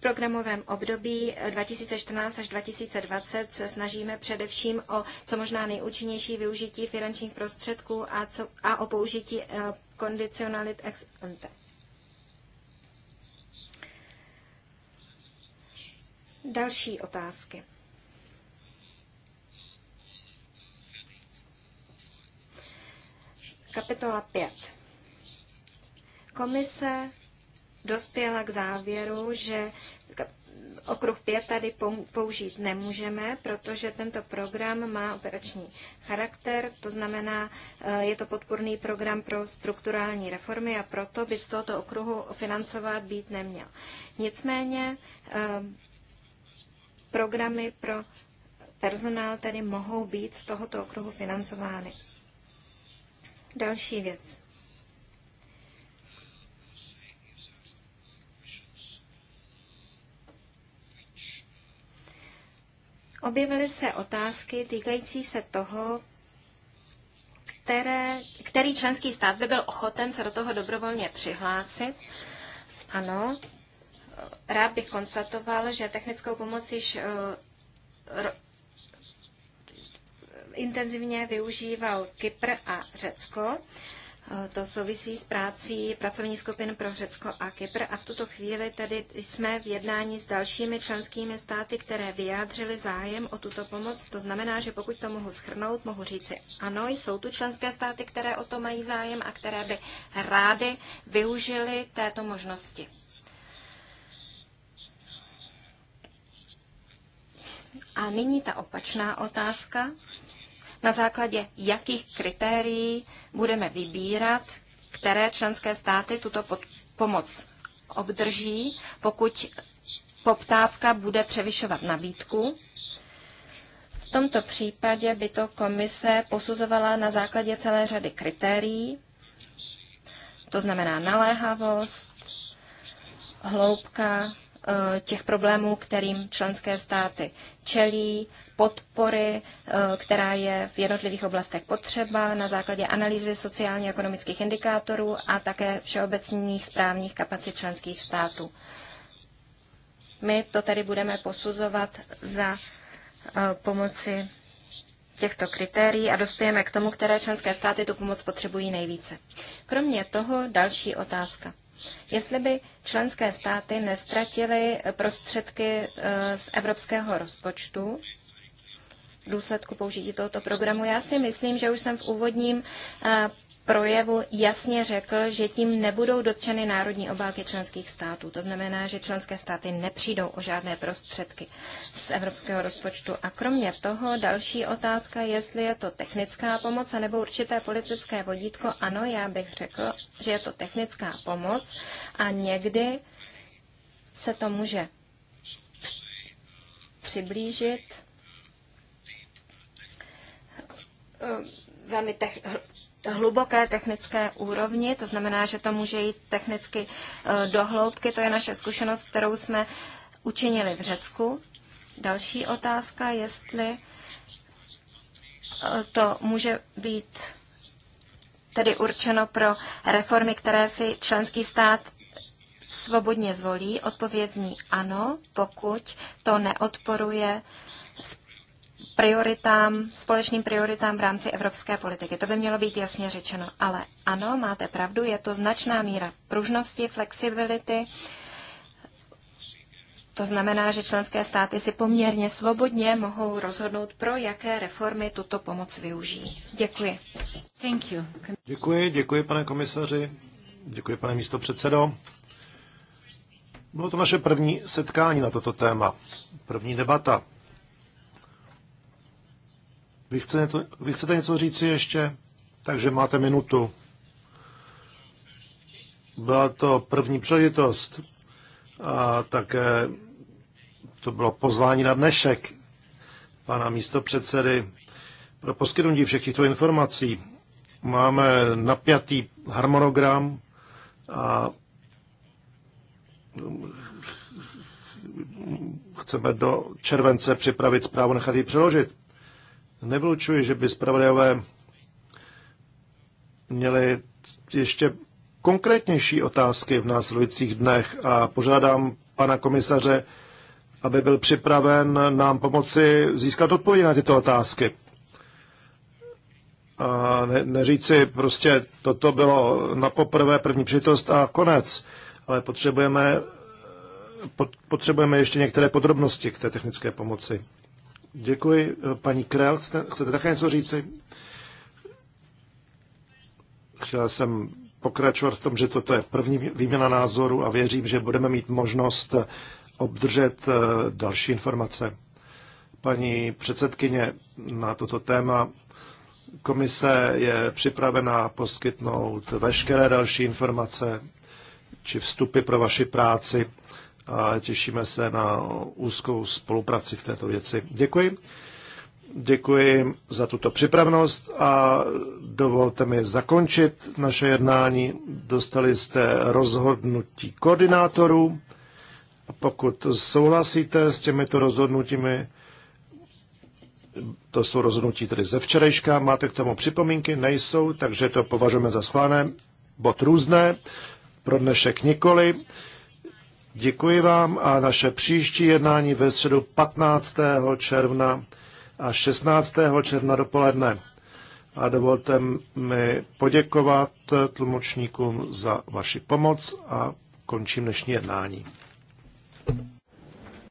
programovém období 2014 až 2020 se snažíme především o co možná nejúčinnější využití finančních prostředků a, co, a o použití eh, kondicionalit ex ante. Další otázky. Kapitola 5. Komise dospěla k závěru, že okruh 5 tady použít nemůžeme, protože tento program má operační charakter, to znamená, eh, je to podporný program pro strukturální reformy a proto by z tohoto okruhu financovat být neměl. Nicméně eh, programy pro personál tedy mohou být z tohoto okruhu financovány. Další věc. objevily se otázky týkající se toho, které, který členský stát by byl ochoten se do toho dobrovolně přihlásit. Ano, rád bych konstatoval, že technickou pomoc již eh, ro, intenzivně využíval Kypr a Řecko. Eh, to souvisí s prácí pracovní skupin pro Řecko a Kypr a v tuto chvíli tedy jsme v jednání s dalšími členskými státy, které vyjádřily zájem o tuto pomoc. To znamená, že pokud to mohu schrnout, mohu říci ano, jsou tu členské státy, které o to mají zájem a které by rády využily této možnosti. A nyní ta opačná otázka na základě jakých kritérií budeme vybírat, které členské státy tuto pomoc obdrží, pokud poptávka bude převyšovat nabídku. V tomto případě by to komise posuzovala na základě celé řady kritérií, to znamená naléhavost, hloubka eh, těch problémů, kterým členské státy čelí, podpory, eh, která je v jednotlivých oblastech potřeba na základě analýzy sociálně-ekonomických indikátorů a také všeobecných správních kapacit členských států. My to tedy budeme posuzovat za eh, pomoci těchto kritérií a dospějeme k tomu, které členské státy tu pomoc potřebují nejvíce. Kromě toho další otázka. Jestli by členské státy nestratily prostředky eh, z evropského rozpočtu, důsledku použití tohoto programu. Já si myslím, že už jsem v úvodním eh, projevu jasně řekl, že tím nebudou dotčeny národní obálky členských států. To znamená, že členské státy nepřijdou o žádné prostředky z evropského rozpočtu. A kromě toho další otázka, jestli je to technická pomoc nebo určité politické vodítko. Ano, já bych řekl, že je to technická pomoc a někdy se to může přiblížit Eh, velmi tech, hluboké technické úrovni, to znamená, že to může jít technicky eh, do hloubky. To je naše zkušenost, kterou jsme učinili v Řecku. Další otázka, jestli eh, to může být tedy určeno pro reformy, které si členský stát svobodně zvolí? Odpověď zní ano, pokud to neodporuje prioritám, společným prioritám v rámci evropské politiky. To by mělo být jasně řečeno. Ale ano, máte pravdu, je to značná míra pružnosti, flexibility. To znamená, že členské státy si poměrně svobodně mohou rozhodnout, pro jaké reformy tuto pomoc využijí. Děkuji. Thank you. Děkuji, děkuji pane komisaři, děkuji pane místopředsedo. Bylo to naše první setkání na toto téma, první debata. Vy chcete, něco, vy chcete něco říci ještě? Takže máte minutu. Byla to první příležitost a také to bylo pozvání na dnešek pana místopředsedy pro poskytnutí všech těchto informací. Máme napjatý harmonogram a chceme do července připravit zprávu, nechat ji přeložit. Nevylučuji, že by zpravodajové měli ještě konkrétnější otázky v následujících dnech a požádám pana komisaře, aby byl připraven nám pomoci získat odpovědi na tyto otázky. A ne, neříci prostě, toto bylo na poprvé první přítost a konec, ale potřebujeme, pot, potřebujeme ještě některé podrobnosti k té technické pomoci. Děkuji. Paní Krell, chcete také něco říci? Chtěl jsem pokračovat v tom, že toto je první výměna názoru a věřím, že budeme mít možnost eh, obdržet eh, další informace. Paní předsedkyně na toto téma komise je připravena poskytnout veškeré další informace či vstupy pro vaši práci a těšíme se na úzkou spolupráci v této věci. Děkuji. Děkuji za tuto připravnost a dovolte mi zakončit naše jednání. Dostali jste rozhodnutí koordinátorů. Pokud souhlasíte s těmito rozhodnutími, to jsou rozhodnutí tedy ze včerejška, máte k tomu připomínky, nejsou, takže to považujeme za schválené. Bod různé, pro dnešek nikoli. Děkuji vám a naše příští jednání ve středu 15. června a 16. června dopoledne. A dovolte mi poděkovat tlumočníkům za vaši pomoc a končím dnešní jednání.